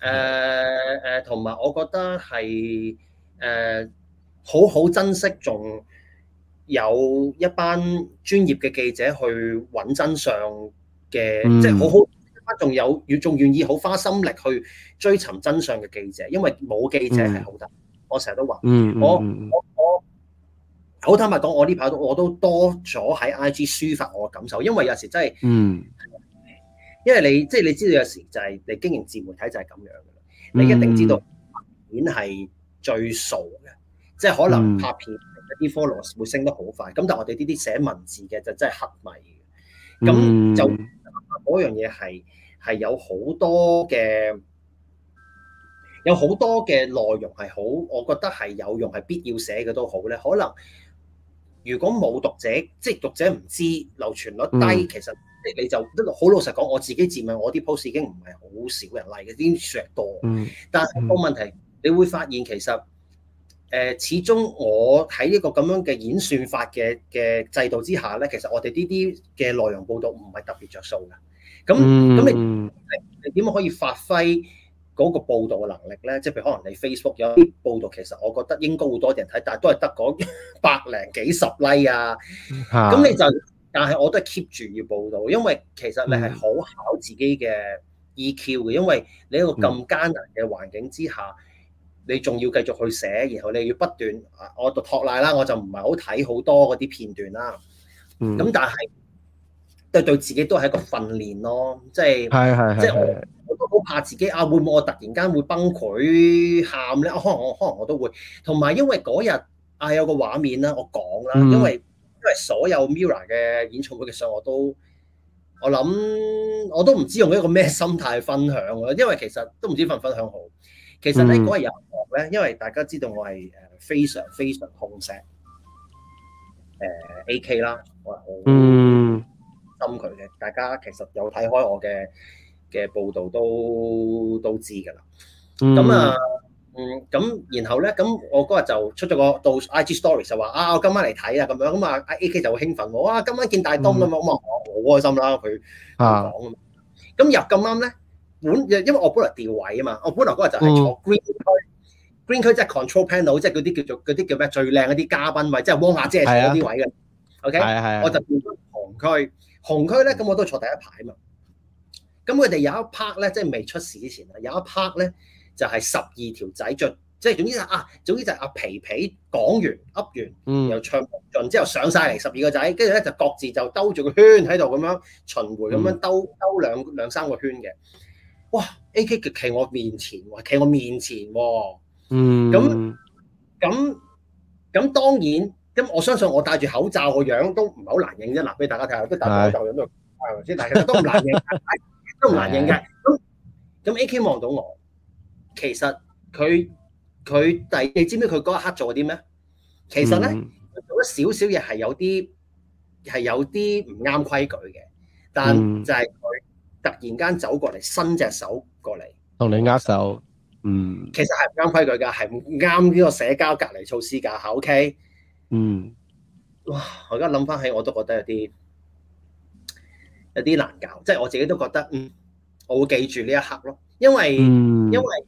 誒、呃、誒，同、呃、埋我覺得係誒好好珍惜，仲有一班專業嘅記者去揾真相嘅，即係好好仲有願，仲願意好花心力去追尋真相嘅記者，因為冇記者係好得，我成日都話、嗯嗯，我我我好坦白講，我呢排我都多咗喺 IG 抒發我嘅感受，因為有時真係。嗯因為你即係你知道有時就係你經營自媒體就係咁樣嘅，你一定知道文件係最傻嘅，即係可能拍片一啲 followers 會升得好快，嗯，咁但係我哋呢啲寫文字嘅就真係黑迷嘅，嗯，咁就嗰樣嘢係係有好多嘅，有好多嘅內容係好，我覺得係有用係必要寫嘅都好咧。可能如果冇讀者，即係讀者唔知流傳率低，嗯，其實。即你就好老實講，我自己自問，我啲 post 已經唔係好少人嚟、like、嘅，啲經石多、嗯。但個問題、嗯，你會發現其實，誒、呃，始終我喺一個咁樣嘅演算法嘅嘅制度之下咧，其實我哋呢啲嘅內容報導唔係特別着數嘅。咁咁、嗯、你你點可以發揮嗰個報導嘅能力咧？即、就、係、是、譬如可能你 Facebook 有啲報導，其實我覺得應該會多啲人睇，但係都係得嗰百零幾十例、like、啊。咁你就～、啊但係我都係 keep 住要報道，因為其實你係好考自己嘅 EQ 嘅、嗯，因為你喺一個咁艱難嘅環境之下，嗯、你仲要繼續去寫，然後你要不斷，我讀托賴啦，我就唔係好睇好多嗰啲片段啦。咁、嗯、但係對對自己都係一個訓練咯，即係即係我都好怕自己啊，會唔會我突然間會崩潰喊咧？可能我可能我都會，同埋因為嗰日啊有個畫面啦，我講啦，因為。因為所有 Mirror 嘅演唱會嘅時候，我都我諗我都唔知用一個咩心態去分享啦。因為其實都唔知分唔分享好。其實咧嗰日有咧，嗯、因為大家知道我係誒非常非常痛錫、呃、AK 啦，我係好錫佢嘅。大家其實有睇開我嘅嘅報導都都知㗎啦。咁、嗯、啊～嗯，咁然後咧，咁我嗰日就出咗個到 IG story 就話啊，我今晚嚟睇啊，咁樣咁啊，阿 A K 就好興奮喎，哇，今晚見大東咁、嗯、啊，好開心啦，佢講啊。咁又咁啱咧，本因為我本來調位啊嘛，我本來嗰日就係坐 green、嗯、區，green 區即係 control panel，即係嗰啲叫做嗰啲叫咩最靚嗰啲嘉賓位，即、就、係、是、汪夏姐嗰啲位嘅。啊、o、okay? K，、啊啊、我就變咗紅區，紅區咧咁我都坐第一排啊嘛。咁佢哋有一 part 咧，即係未出事之前啊，有一 part 咧。就係十二條仔進，即係總之就係、啊，總之就阿皮皮講完噏完，又唱完之後上晒嚟十二個仔，跟住咧就各自就兜住個圈喺度咁樣循環咁樣兜兜兩兩三個圈嘅。哇！A.K. 企我面前喎，企我面前喎、哦。嗯，咁咁咁當然咁，我相信我戴住口罩個樣都唔係好難認啫。嗱，俾大家睇下，都戴住口罩個樣都係，但係其實都唔難認，睇下睇下都唔難認嘅。咁 咁 A.K. 望到我。其實佢佢第你知唔知佢嗰一刻做咗啲咩？其實咧、嗯、做咗少少嘢係有啲係有啲唔啱規矩嘅，但就係佢突然間走過嚟，伸隻手過嚟，同你握手。嗯，其實係唔啱規矩㗎，係唔啱呢個社交隔離措施㗎。嚇，OK。嗯，哇！我而家諗翻起我都覺得有啲有啲難搞，即係我自己都覺得嗯，我會記住呢一刻咯，因為、嗯、因為。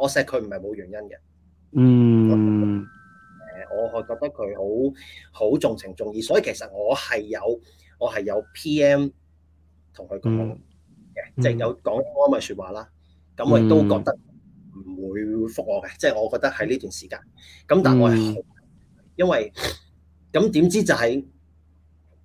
我錫佢唔係冇原因嘅，嗯，誒，我係覺得佢好好重情重義，所以其實我係有我係有 P.M. 同佢講嘅，嗯，即、嗯、係、就是、有講安慰説話啦。咁我亦都覺得唔會覆我嘅，即係我覺得喺呢段時間。咁但係我係好，因為咁點知就係、是。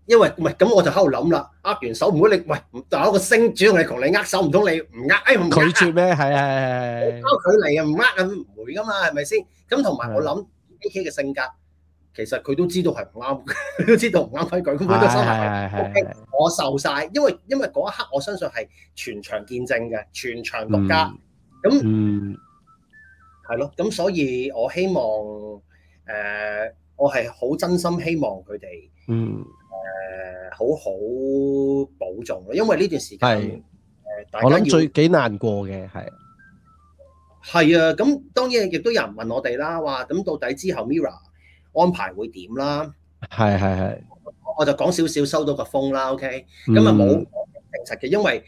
因為唔係咁我就喺度諗啦，握完手唔好你喂，嗱個星主要係同你握手，唔通你唔握？哎，拒絕咩？係係係，交佢嚟啊，唔握咁唔會噶嘛，係咪先？咁同埋我諗 AK 嘅性格，其實佢都知道係唔啱，佢都知道唔啱規矩，咁都真係我受晒，因為因為嗰一刻我相信係全場見證嘅，全場獨家咁，係、嗯、咯，咁、嗯、所以我希望誒、呃，我係好真心希望佢哋嗯。誒、呃，好好保重咯，因為呢段時間，我諗最幾難過嘅係係啊，咁當然亦都有人問我哋啦，話咁到底之後 Mirror 安排會點啦？係係係，我就講少少收到個封啦，OK，咁啊冇證實嘅，因為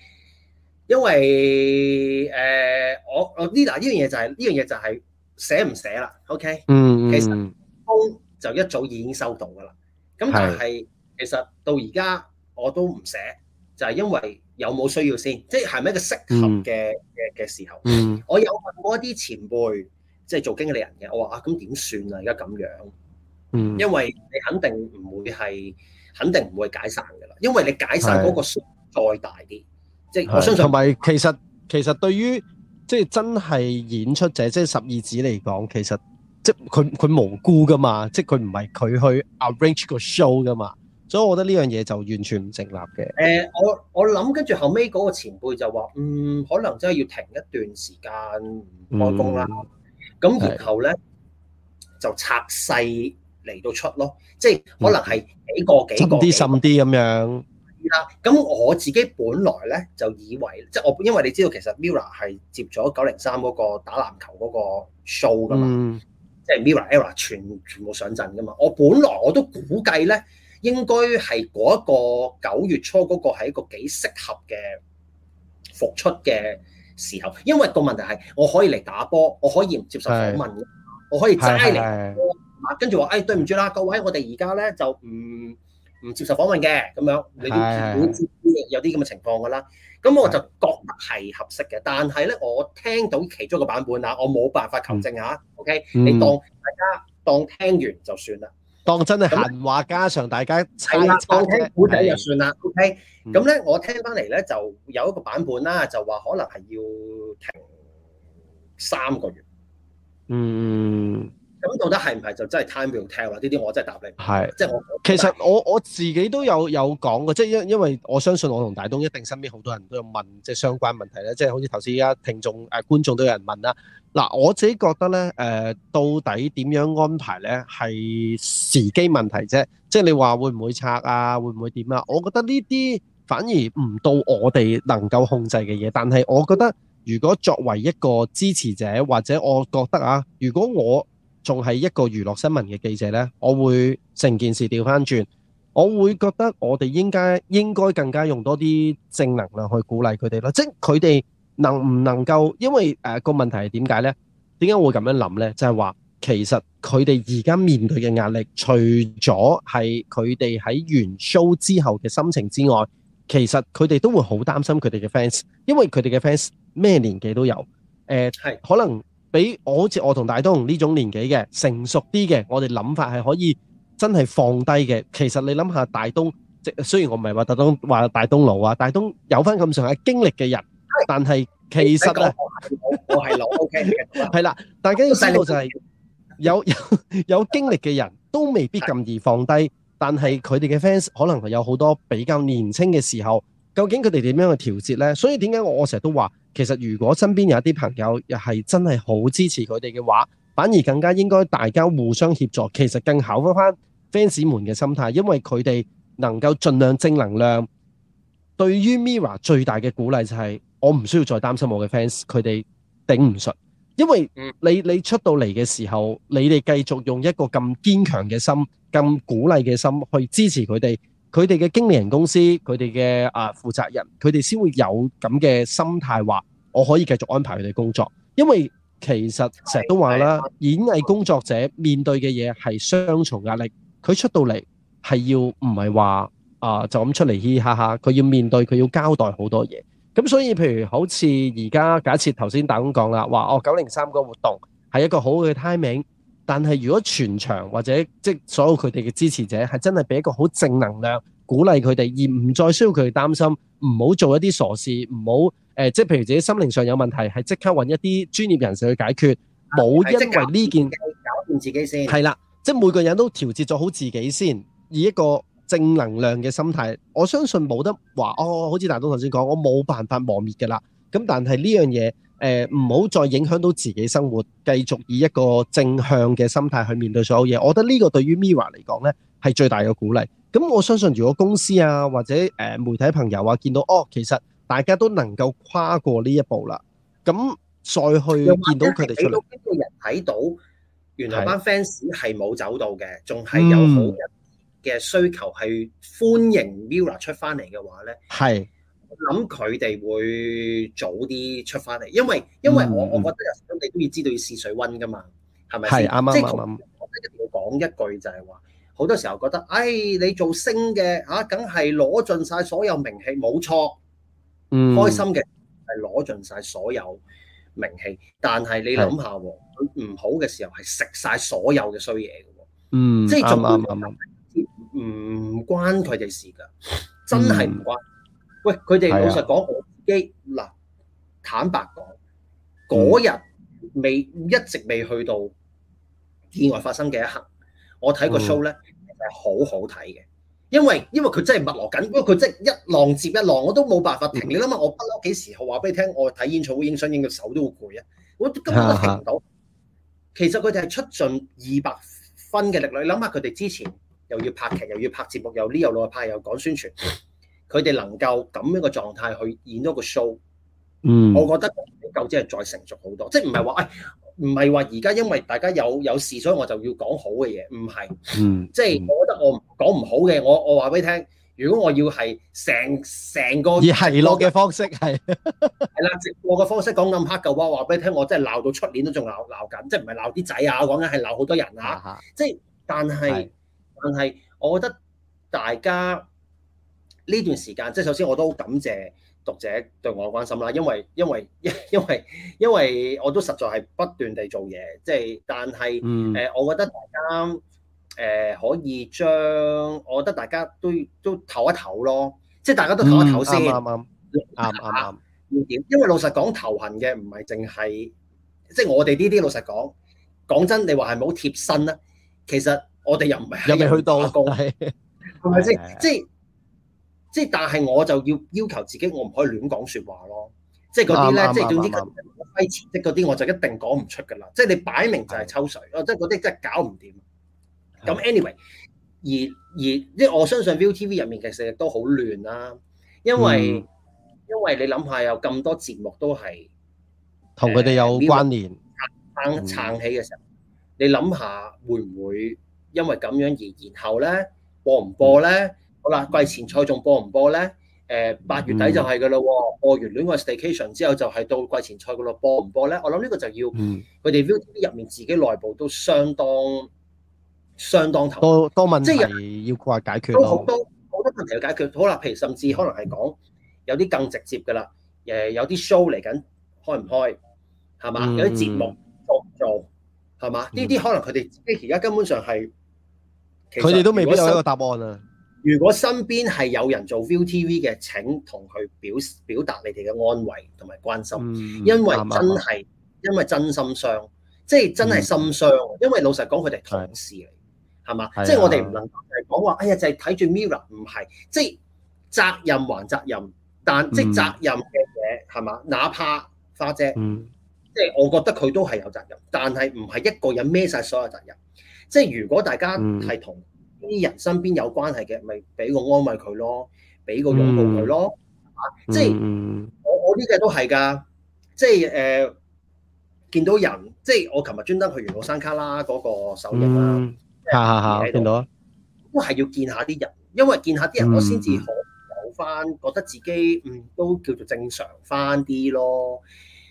因為誒、呃，我我呢嗱呢樣嘢就係呢樣嘢就係寫唔寫啦，OK，嗯其實封，封就一早已經收到噶啦，咁就係、是。其實到而家我都唔寫，就係因為有冇需要先，即係係咪一個適合嘅嘅嘅時候？我有問過一啲前輩，即係做經理人嘅，我話啊咁點算啊？而家咁樣、嗯，因為你肯定唔會係肯定唔會解散噶啦，因為你解散嗰個數再大啲，即係我相信同埋其實其實對於即係真係演出者，即係十二指嚟講，其實即係佢佢無辜噶嘛，即係佢唔係佢去 arrange 個 show 噶嘛。所以，我覺得呢樣嘢就完全唔成立嘅。誒，我我諗跟住後尾嗰個前輩就話，嗯，可能真係要停一段時間開工啦。咁、嗯、然後咧就拆細嚟到出咯，即係可能係幾個幾個。啲、嗯、深啲咁樣。啦。咁我自己本來咧就以為，即係我因為你知道其實 MIRROR 係接咗九零三嗰個打籃球嗰個 show 噶嘛，即、嗯、係、就是、MIRROR ERROR 全全部上陣噶嘛。我本來我都估計咧。應該係嗰一個九月初嗰個係一個幾適合嘅復出嘅時候，因為個問題係我可以嚟打波，我可以唔接受訪問，我可以齋嚟打波，跟住話誒，對唔住啦，各位，我哋而家咧就唔唔、嗯、接受訪問嘅，咁樣你都知有啲咁嘅情況㗎啦。咁我就覺得係合適嘅，但係咧我聽到其中一個版本啦，我冇辦法求證啊、嗯。OK，你當大家當聽完就算啦。當真係閒話，加上大家猜猜，嗯啊、聽估計就算啦。OK，咁咧我聽翻嚟咧就有一個版本啦，就話可能係要停三個月。嗯，咁到底係唔係就真係 time to tell 啦？呢啲我真係答你係。即係、就是、我其實我我自己都有有講過，即係因因為我相信我同大東一定身邊好多人都有問即係、就是、相關問題咧，即、就、係、是、好似頭先依家聽眾誒、啊、觀眾都有人問啦。嗱我自己覺得呢，呃、到底點樣安排呢？係時機問題啫。即係你話會唔會拆啊？會唔會點啊？我覺得呢啲反而唔到我哋能夠控制嘅嘢。但係我覺得，如果作為一個支持者，或者我覺得啊，如果我仲係一個娛樂新聞嘅記者呢，我會成件事調返轉。我會覺得我哋應該應該更加用多啲正能量去鼓勵佢哋咯。即係佢哋。能唔能夠？因為誒個、呃、問題係點解呢？點解會咁樣諗呢？就係、是、話其實佢哋而家面對嘅壓力，除咗係佢哋喺完 show 之後嘅心情之外，其實佢哋都會好擔心佢哋嘅 fans，因為佢哋嘅 fans 咩年紀都有。誒、呃，係可能比我好似我同大東呢種年紀嘅成熟啲嘅，我哋諗法係可以真係放低嘅。其實你諗下，大東，雖然我唔係話大東話大東老啊，大東有翻咁上下經歷嘅人。但係其實呢，我係老，我是老 OK，係啦，大家要細路就係有有有經歷嘅人都未必咁易放低，但係佢哋嘅 fans 可能有好多比較年輕嘅時候，究竟佢哋點樣去調節呢？所以點解我我成日都話，其實如果身邊有一啲朋友又真係好支持佢哋嘅話，反而更加應該大家互相協助，其實更考翻返 fans 們嘅心態，因為佢哋能夠盡量正能量，對於 Mirror 最大嘅鼓勵就係我唔需要再擔心我嘅 fans，佢哋頂唔順，因為你你出到嚟嘅時候，你哋繼續用一個咁堅強嘅心，咁鼓勵嘅心去支持佢哋，佢哋嘅經理人公司，佢哋嘅啊負責人，佢哋先會有咁嘅心態，話我可以繼續安排佢哋工作。因為其實成日都話啦，演藝工作者面對嘅嘢係雙重壓力，佢出到嚟係要唔係話啊就咁出嚟嘻嘻哈哈，佢要面對佢要交代好多嘢。咁所以，譬如好似而家，假設頭先大東講啦，話哦九零三個活動，係一個好好嘅 timing，但係如果全場或者即係所有佢哋嘅支持者係真係俾一個好正能量鼓勵佢哋，而唔再需要佢哋擔心，唔好做一啲傻事，唔好誒即係譬如自己心靈上有問題，係即刻揾一啲專業人士去解決，冇因為呢件搞掂自己先係啦，即係每個人都調節咗好自己先，以一個，正能量嘅心態，我相信冇得話哦。好似大東頭先講，我冇辦法磨滅㗎啦。咁但係呢樣嘢，誒，唔好再影響到自己生活，繼續以一個正向嘅心態去面對所有嘢。我覺得呢個對於 MIRROR 嚟講呢係最大嘅鼓勵。咁我相信如果公司啊或者誒、呃、媒體朋友啊見到哦，其實大家都能夠跨過呢一步啦，咁再去見到佢哋出嚟，人睇到原來班 fans 係冇走到嘅，仲係有好人嘅需求係歡迎 MIRROR 出翻嚟嘅話咧，係，我諗佢哋會早啲出翻嚟，因為因為我我覺得有時你都要知道要試水溫噶嘛，係咪先？啱啱啱啱。即係我一定要講一句就係話，好多時候覺得，誒、哎、你做星嘅嚇，梗係攞盡晒所有名氣，冇錯、嗯，開心嘅係攞盡晒所有名氣，但係你諗下，佢唔好嘅時候係食晒所有嘅衰嘢嘅喎，嗯，即係啱啱啱啱。對對對對唔關佢哋事㗎，真係唔關、嗯。喂，佢哋老實講、啊，我自己嗱坦白講，嗰日未一直未去到意外發生嘅一刻，嗯、我睇個 show 咧、嗯、其實係好好睇嘅。因為因為佢真係密鑼緊，不過佢真係一浪接一浪，我都冇辦法停。嗯、你諗下，我不嬲幾時候話俾你聽，我睇演唱會影相影到手都會攰啊！我根本都停唔到。其實佢哋係出盡二百分嘅力量。你諗下佢哋之前。又要拍劇，又要拍節目，又呢又落拍，又講宣傳，佢哋能夠咁樣嘅狀態去演咗個 show，嗯，我覺得夠真係再成熟好多，即係唔係話，唔係話而家因為大家有有事，所以我就要講好嘅嘢，唔係，嗯，即係我覺得我講唔好嘅，我我話俾你聽，如果我要係成成個而係落嘅方式係係啦，我嘅方式講咁黑舊話話俾你聽，我真係鬧到出年都仲鬧鬧緊，即係唔係鬧啲仔啊？我講緊係鬧好多人啊，啊即係但係。但係、嗯呃，我覺得大家呢段時間，即係首先我都好感謝讀者對我嘅關心啦。因為因為因為因為我都實在係不斷地做嘢，即係但係誒，我覺得大家誒可以將，我覺得大家都都唞一唞咯，即係大家都唞一唞、嗯、先一，啱啱啱啱啱，點、嗯嗯嗯。因為老實講，頭痕嘅唔係淨係，即係我哋呢啲老實講講真，你話係冇貼身啦，其實。我哋又唔係又未去多工，係咪先？即係即係，但係我就要要求自己，我唔可以亂講説話咯。即係嗰啲咧，即係總之揮錢，即係嗰啲我，我就一定講唔出㗎啦。即係你擺明就係抽水，哦、anyway，即係嗰啲真係搞唔掂。咁 anyway，而而即係我相信 ViuTV 入面其實亦都好亂啦、啊，因為、嗯、因為你諗下有咁多節目都係同佢哋有關聯、呃、撐撐起嘅時候，嗯、你諗下會唔會？因為咁樣，而然後咧，播唔播咧、嗯？好啦，季前賽仲播唔播咧？誒、呃，八月底就係噶咯，播完戀愛 station 之後就係到季前賽嗰度播唔播咧？我諗呢個就要佢哋 ViuTV 入面自己內部都相當、嗯、相當頭多多問，即係要解決好多好多問題要解決。好啦，譬如甚至可能係講有啲更直接噶啦，誒，有啲 show 嚟緊開唔開係嘛、嗯？有啲節目做唔做，係嘛？呢、嗯、啲可能佢哋即係而家根本上係。佢哋都未必有一個答案啊！如果身邊係有人做 ViuTV 嘅，請同佢表表達你哋嘅安慰同埋關心、嗯，因為真係、嗯、因為真心傷，即、嗯、係真係心傷、嗯。因為老實講，佢哋同事嚟，係嘛？即係、啊就是、我哋唔能夠係講話，哎呀，就係睇住 Mirror，唔係即係責任還責任，但、嗯、即係責任嘅嘢係嘛？哪怕花姐，嗯、即係我覺得佢都係有責任，但係唔係一個人孭晒所有責任。即係如果大家係同啲人身邊有關係嘅，咪、嗯、俾個安慰佢咯，俾個擁抱佢咯。即係我我呢嘅都係㗎。即係誒、呃、見到人，即係我琴日專登去完老山卡啦嗰、嗰個首映啦、啊。嚇嚇你見到都係要見下啲人，因為見下啲人我，我先至好有翻覺得自己嗯都叫做正常翻啲咯。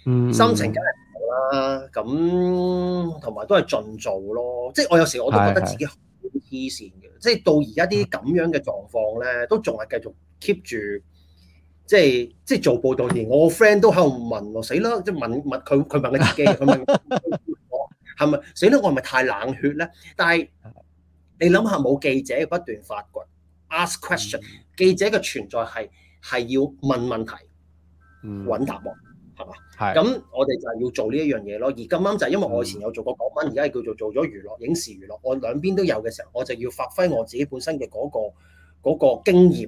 心、嗯、情梗係。啦，咁同埋都係盡做咯，即係我有時我都覺得自己好黐線嘅，即係到而家啲咁樣嘅狀況咧，都仲係繼續 keep 住，即係即係做報道嘅。我 friend 都喺度問,問,問,問我，死啦，即係問問佢佢問佢自己，佢問我係咪死啦？我係咪太冷血咧？但係你諗下，冇記者不斷發掘、ask question，記者嘅存在係係要問問題、揾答案。嗯係嘛？咁我哋就係要做呢一樣嘢咯。而咁啱就係因為我以前有做過港聞，而家係叫做做咗娛樂影視娛樂，我兩邊都有嘅時候，我就要發揮我自己本身嘅嗰、嗰個嗰、嗰個經驗，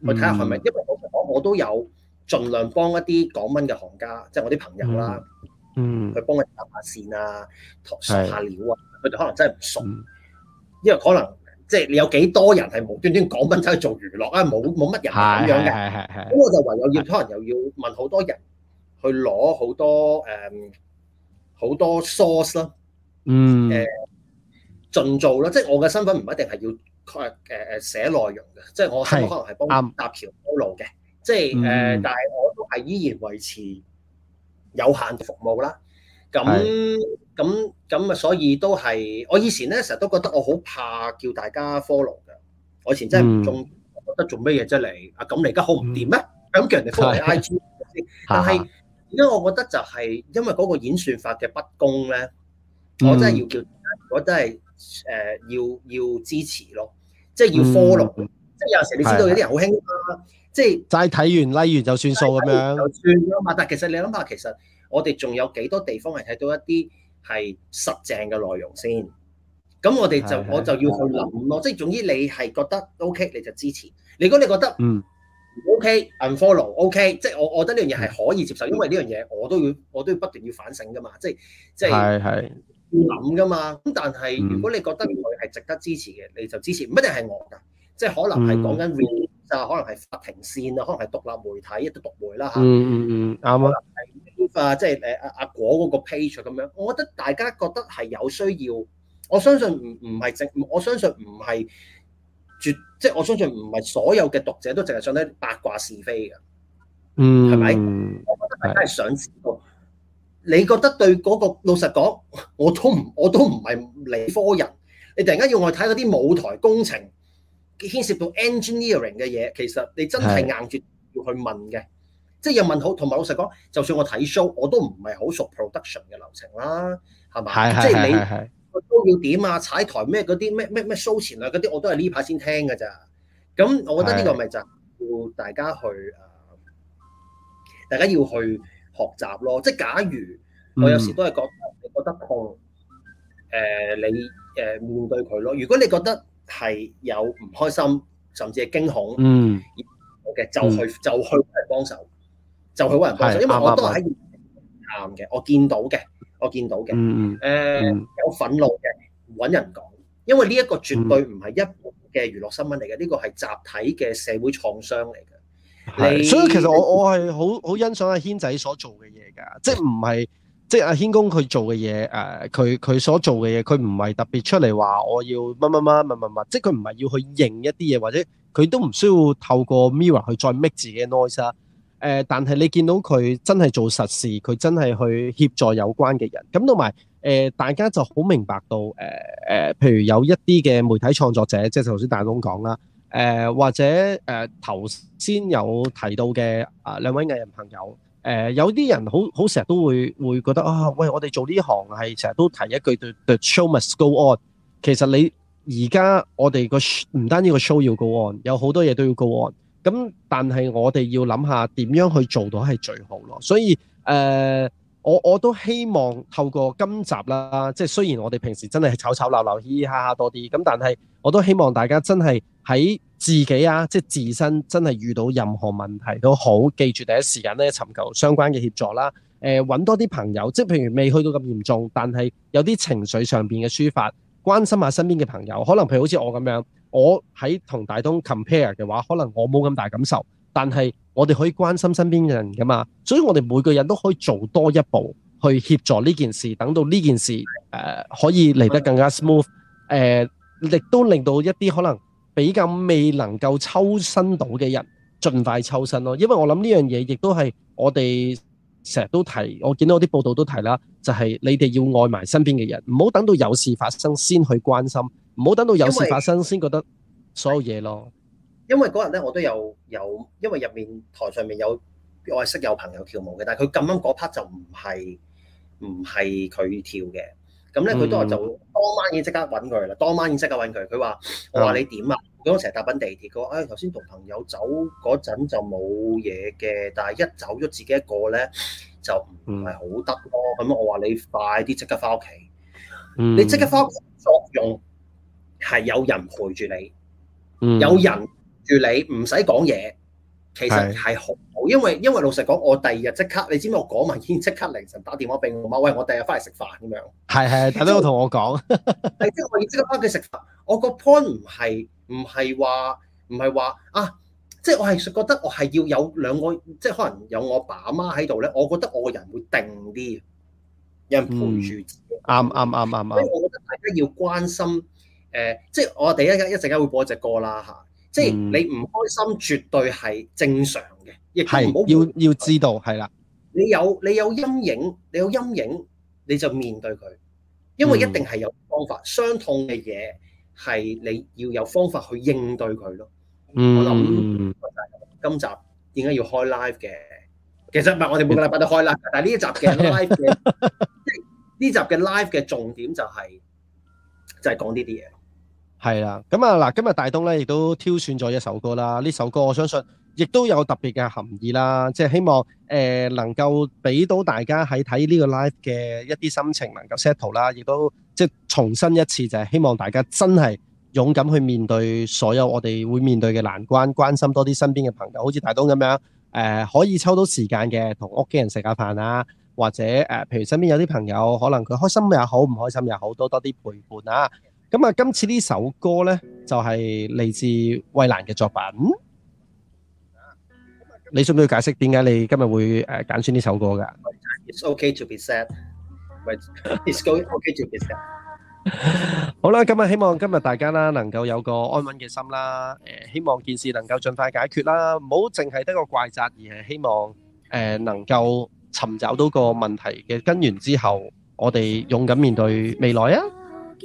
去睇下係咪。因為老實講我都有盡量幫一啲港聞嘅行家，即係我啲朋友啦，嗯，嗯，去幫佢搭下線啊，熟下料啊，佢哋可能真係唔熟、嗯，因為可能即係、就是、你有幾多人係無端端港聞走去做娛樂咧，冇冇乜人係咁樣嘅，咁我就唯有要可能又要問好多人。去攞好多誒好、嗯、多 source 啦，嗯誒，盡、呃、做啦，即係我嘅身份唔一定係要誒誒、呃、寫內容嘅、嗯，即係我可能係幫搭橋 follow 嘅、嗯，即係誒、呃嗯，但係我都係依然維持有限嘅服務啦。咁咁咁啊，嗯、所以都係我以前咧成日都覺得我好怕叫大家 follow 嘅。我以前真係唔中、嗯，我覺得做咩嘢啫你？啊咁你而家好唔掂咩？咁、嗯、叫人哋 follow 你 IG 是但係。哈哈因為我覺得就係因為嗰個演算法嘅不公咧，我真係要叫、嗯，我真係誒要要支持咯，即係要 follow，、嗯、即係有時你知道有啲人好興即係齋睇完 like 完就算數咁樣，就算啦嘛。但其實你諗下，其實我哋仲有幾多地方係睇到一啲係實正嘅內容先？咁我哋就我就要去諗咯，即係總之你係覺得 OK，你就支持。如果你覺得嗯。O.K. unfollow O.K. 即係我我覺得呢樣嘢係可以接受，因為呢樣嘢我都要我都要不斷要反省㗎嘛，即係即係要諗㗎嘛。咁但係如果你覺得佢係值得支持嘅，你就支持，唔一定係我㗎，即係可能係講緊就可能係法庭線啊，可能係獨立媒體都獨媒啦嚇。嗯嗯啱啊、嗯。可能係啊，即係誒阿阿果嗰個 page 咁樣，我覺得大家覺得係有需要，我相信唔唔係正，我相信唔係。絕即係我相信唔係所有嘅讀者都淨係想睇八卦是非嘅，嗯，係咪？我覺得大家係想知道。你覺得對嗰個？老實講，我都唔我都唔係理科人。你突然間要我去睇嗰啲舞台工程牽涉到 engineering 嘅嘢，其實你真係硬住要去問嘅。即係有問好，同埋老實講，就算我睇 show，我都唔係好熟 production 嘅流程啦，係嘛？是是是是是即係你。是是是是我都要點啊！踩台咩嗰啲咩咩咩收錢啊，嗰啲我都係呢排先聽㗎。咋。咁我覺得呢個咪就要大家去大家要去學習咯。即假如我有時都係覺得、嗯、覺得痛，呃、你、呃、面對佢咯。如果你覺得係有唔開心，甚至係驚恐，嗯，嘅就去就去幫手，就去揾人幫手、嗯，因為我都係喺現場嘅，我見到嘅。我見到嘅，誒、嗯嗯呃、有憤怒嘅，揾人講，因為呢一個絕對唔係一般嘅娛樂新聞嚟嘅，呢個係集體嘅社會創傷嚟嘅。係，所以其實我我係好好欣賞阿軒仔所做嘅嘢㗎，即係唔係即係阿軒公佢做嘅嘢，誒佢佢所做嘅嘢，佢唔係特別出嚟話我要乜乜乜乜乜乜，即係佢唔係要去認一啲嘢，或者佢都唔需要透過 Mirror 去再 make 自己嘅 noise。誒、呃，但係你見到佢真係做實事，佢真係去協助有關嘅人，咁同埋誒，大家就好明白到誒、呃、譬如有一啲嘅媒體創作者，即係頭先大東講啦，誒、呃、或者誒頭先有提到嘅啊、呃、兩位藝人朋友，誒、呃、有啲人好好成日都會會覺得啊，喂，我哋做呢行係成日都提一句 the the show must go on，其實你而家我哋個唔單止個 show 要 go on，有好多嘢都要 go on。咁，但係我哋要諗下點樣去做到係最好咯。所以，誒、呃，我我都希望透過今集啦，即係雖然我哋平時真係吵吵鬧鬧、嘻嘻哈哈多啲，咁但係我都希望大家真係喺自己啊，即係自身真係遇到任何問題都好，記住第一時間咧尋求相關嘅協助啦。搵、呃、揾多啲朋友，即係譬如未去到咁嚴重，但係有啲情緒上面嘅抒發，關心下身邊嘅朋友，可能譬如好似我咁樣。我喺同大東 compare 嘅話，可能我冇咁大感受，但係我哋可以關心身邊嘅人噶嘛，所以我哋每個人都可以做多一步去協助呢件事，等到呢件事誒、呃、可以嚟得更加 smooth，誒、呃、亦都令到一啲可能比較未能夠抽身到嘅人，盡快抽身咯。因為我諗呢樣嘢亦都係我哋成日都提，我見到啲報道都提啦，就係、是、你哋要愛埋身邊嘅人，唔好等到有事發生先去關心。唔好等到有事發生先覺得所有嘢咯。因為嗰日咧，我都有有，因為入面台上面有我係識有朋友跳舞嘅，但係佢咁啱嗰 part 就唔係唔係佢跳嘅。咁咧佢都係就當晚已經即刻揾佢啦，當晚已經即刻揾佢。佢話：我話你點啊？咁、嗯、我成日搭緊地鐵。佢話：唉、哎，頭先同朋友走嗰陣就冇嘢嘅，但係一走咗自己一個咧，就唔係好得咯。咁、嗯、我話你快啲即刻翻屋企。你即刻翻屋企作用。係有人陪住你，嗯，有人住你，唔使講嘢，其實係好，因為因為老實講，我第二日即刻，你知唔知我講完已經即刻凌晨打電話俾我媽，喂，我第二日翻嚟食飯咁樣，係係，睇到我同我講，即即 刻翻去食飯，我個 point 唔係唔係話唔係話啊，即係我係覺得我係要有兩個，即係可能有我爸阿媽喺度咧，我覺得我個人會定啲，有人陪住自己，啱啱啱啱啱，所以我覺得大家要關心。誒、呃，即係我哋一陣一陣間會播一隻歌啦嚇，即係你唔開心絕對係正常嘅，亦都唔好要要，要知道係啦。你有你有陰影，你有陰影你就面對佢，因為一定係有方法。嗯、傷痛嘅嘢係你要有方法去應對佢咯、嗯。我諗今集點解要開 live 嘅？其實唔係我哋每個禮拜都開但的 live，但係呢集嘅 live 嘅，即係呢集嘅 live 嘅重點就係、係、就係、係、講呢啲嘢。係啦，咁啊嗱，今日大東咧亦都挑選咗一首歌啦。呢首歌我相信亦都有特別嘅含義啦，即係希望誒能夠俾到大家喺睇呢個 live 嘅一啲心情能夠 settle 啦，亦都即係重申一次，就係希望大家真係勇敢去面對所有我哋會面對嘅難關，關心多啲身邊嘅朋友。好似大東咁樣誒、呃，可以抽到時間嘅同屋企人食下飯啊，或者誒、呃，譬如身邊有啲朋友，可能佢開心又好，唔開心又好，多多啲陪伴啊。咁啊，今次呢首歌咧就係嚟自衛蘭嘅作品。你需唔需要解釋點解你今日會誒揀選呢首歌噶？It's okay to be sad, but it's going okay to be sad。好啦，今日希望今日大家啦能夠有個安穩嘅心啦，誒，希望件事能夠盡快解決啦，唔好淨係得個怪責，而係希望誒能夠尋找到個問題嘅根源之後，我哋勇敢面對未來啊！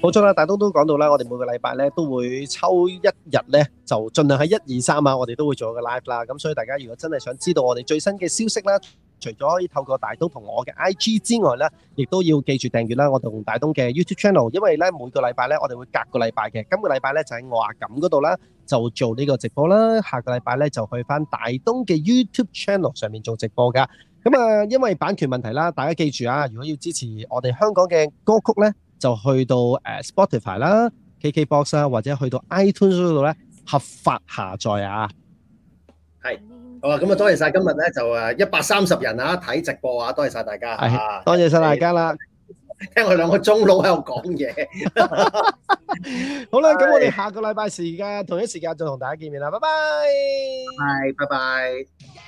冇錯啦，大東都講到啦，我哋每個禮拜咧都會抽一日咧，就盡量喺一二三啊，我哋都會做個 live 啦。咁所以大家如果真係想知道我哋最新嘅消息啦，除咗可以透過大東同我嘅 IG 之外咧，亦都要記住訂閱啦我同大東嘅 YouTube channel。因為咧每個禮拜咧，我哋會隔個禮拜嘅，今個禮拜咧就喺我阿感嗰度啦，就做呢個直播啦。下個禮拜咧就去返大東嘅 YouTube channel 上面做直播噶。咁啊，因為版權問題啦，大家記住啊，如果要支持我哋香港嘅歌曲咧，就去到誒 Spotify 啦、KKBox 啊，或者去到 iTunes 嗰度咧，合法下載啊。係，好啊，咁啊，多謝晒今日咧就誒一百三十人啊睇直播啊，多謝晒大家。係，多謝晒大家啦，聽我兩個鐘佬喺度講嘢。好啦，咁我哋下個禮拜時間同一時間再同大家見面啦，拜拜。係，拜拜。